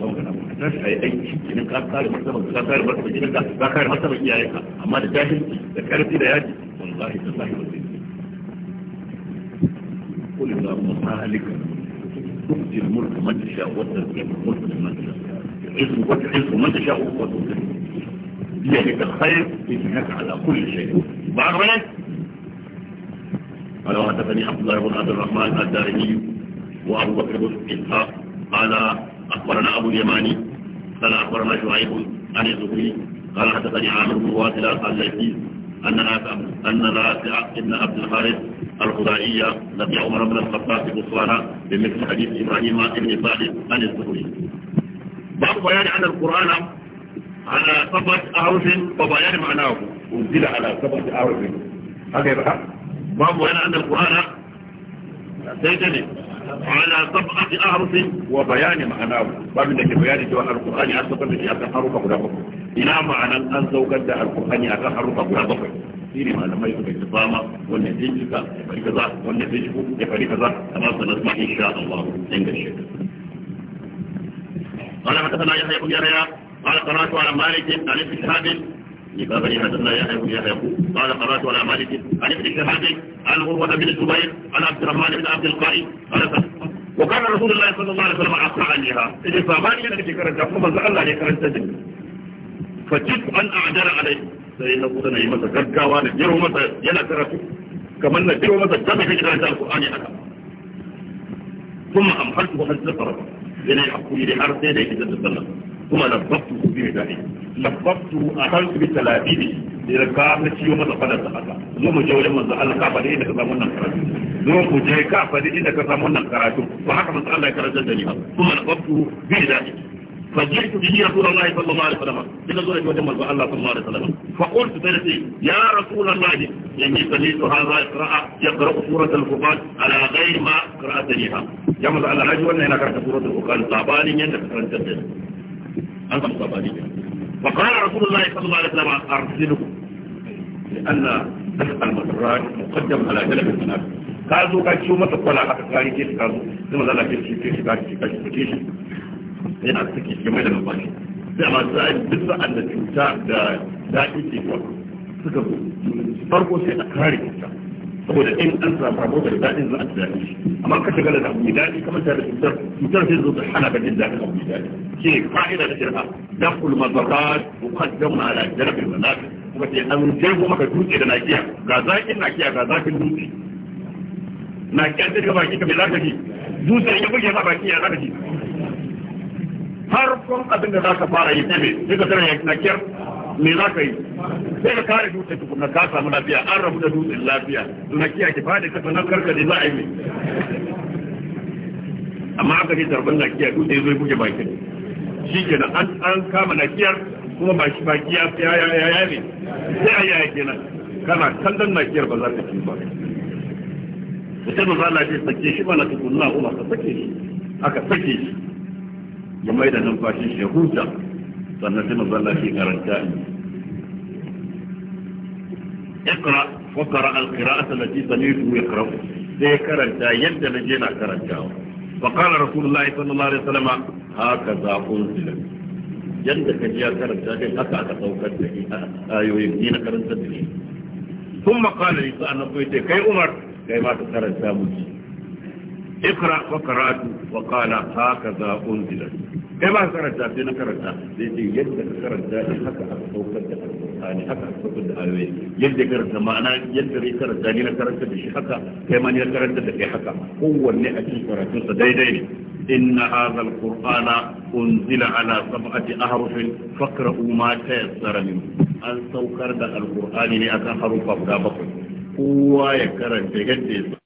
saboda ka tashi a yi aiki idan ka kare martaba ka kare martaba gidanka ka kare martaba iyayenka amma da jahilci da karfi da yaji wallahi tallahi ba zai قل اللهم مالك تؤتي الملك من تشاء وتنزع الملك من تشاء تعز وتعز من تشاء وتذل بيدك الخير انك على كل شيء بعد ذلك قال وحدثني عبد الله بن عبد الرحمن الدارمي وابو بكر بن اسحاق قال أخبرنا أبو اليماني قال أخبرنا شعيب عن الزهري قال حدثني عامر بن قال الليثي أن نافع أن نافع ابن عبد الحارث الخدائية لقي عمر بن الخطاب في بصرى بمثل حديث إبراهيم بن صالح عن الزهري. بعض بيان أن القرآن على سبعة أعرف وبيان معناه أنزل على سبعة أعرف هكذا بعض بيان أن القرآن سيدني ala sab'ati ahruf wa bayan ma'anahu babin da ke bayani cewa alqur'ani an saukar da shi akan harufa guda bakwai ina ma'anan an saukar da alqur'ani akan harufa guda bakwai shine malamai suka yi fama wannan zai shiga ya fari kaza wannan zai shigo ya fari kaza amma sanar ma insha Allah inda shi قال حدثنا يحيى بن يحيى قال قرات على مالك عن ابن لبابني حدثنا يحيى بن يحيى قال قرات على مالك عن ابن شهاب عن عروه بن الزبير عن عبد الرحمن بن عبد القائم قال وكان رسول الله صلى الله عليه وسلم اقرا عليها اذا فاباني انك تكرر جاكم الله لكرر فجئت ان اعجل عليه sai na kusa na yi masa gaggawa da jiro masa yana karatu kamar na jiro masa gaba da karanta alkur'ani aka kuma amfani ko hanzu da fara yana hakuri da har sai da yake da sallah kuma labbatu bi ridai labbatu a kan bi talabibi da ka na ciwo masa fadar da haka zo mu je wajen manzo Allah ka fadi inda ka samu wannan karatu zo mu je ka inda ka ba haka ya da bi فجئت به رسول الله صلى الله عليه وسلم إلى زوجة وجمع الله صلى الله عليه وسلم فقلت بنتي يا رسول الله إني سمعت هذا يقرأ يقرأ سورة الفرقان على غير ما قرأتنيها يا مزعل الله رجل أنا قرأت سورة الفرقان طابانيا تكرنت an samu sabani wa qala rasulullahi sallallahu alaihi wasallam arsiluhu لأن المدراج مقدم على جلب المنافع كازو كان شو مثل ولا حتى كاري كيش كازو زي ما قال كيش كيش كاش كاش كيش yana suke game da mafani da masu aiki duk sa'an da cuta da daɗi ke farko sai a kare cuta saboda in an samu da daɗin za a ji amma ka shiga da mai daɗi kamar ta da cutar cutar sai zo ta hana ka jin daɗin abu mai daɗi ke fa'ida da shirka dakul mazakat muqaddam ala jarbil manafi kuma sai an jirgo maka dutse da nakiya ga zakin nakiya ga zakin dutse nakiya sai ka baki ka mai zaka dutse ya buge ka baki ya zaka ji farkon abin da za ka fara yi ne sai ka tsara nakiyar me za ka yi sai ka kare dutse tukuna ka samu lafiya an rabu da dutsen lafiya na kiya ki fada ka sanar karka ne za a yi amma aka ce tarban na kiya dutse zai buge bakin shi ke an an kama na kiyar kuma ba shi ba kiya ya ya ya ya ne sai a yaya kenan kana kallon na kiyar ba za ka ci ba sai ba za a ce sake shi mana tukuna a ka sake shi aka sake shi ya mai da numfashin shi ya huta sannan sai mazalla Allah ke karanta ni iqra wa qara al-qira'ata allati sami'tu yaqra sai karanta yadda je na karantawa fa qala rasulullahi sallallahu alaihi wasallam hakaza unzila yadda kaji ya karanta kai haka aka saukar da ayoyin ni na karanta da shi ثم قال لي سأنا kai كي عمر كي ما تكرر ساموس اقرأ وقرأت وقال هكذا أنزلت kai ba karanta sai na karanta sai ce yadda ka karanta ne haka aka saukar da alƙur'ani haka aka saukar da ayoyi yadda karanta ma'ana yadda ne karanta ne na karanta da shi haka kai ma ne na karanta da kai haka kowanne a cikin karatunsa daidai ne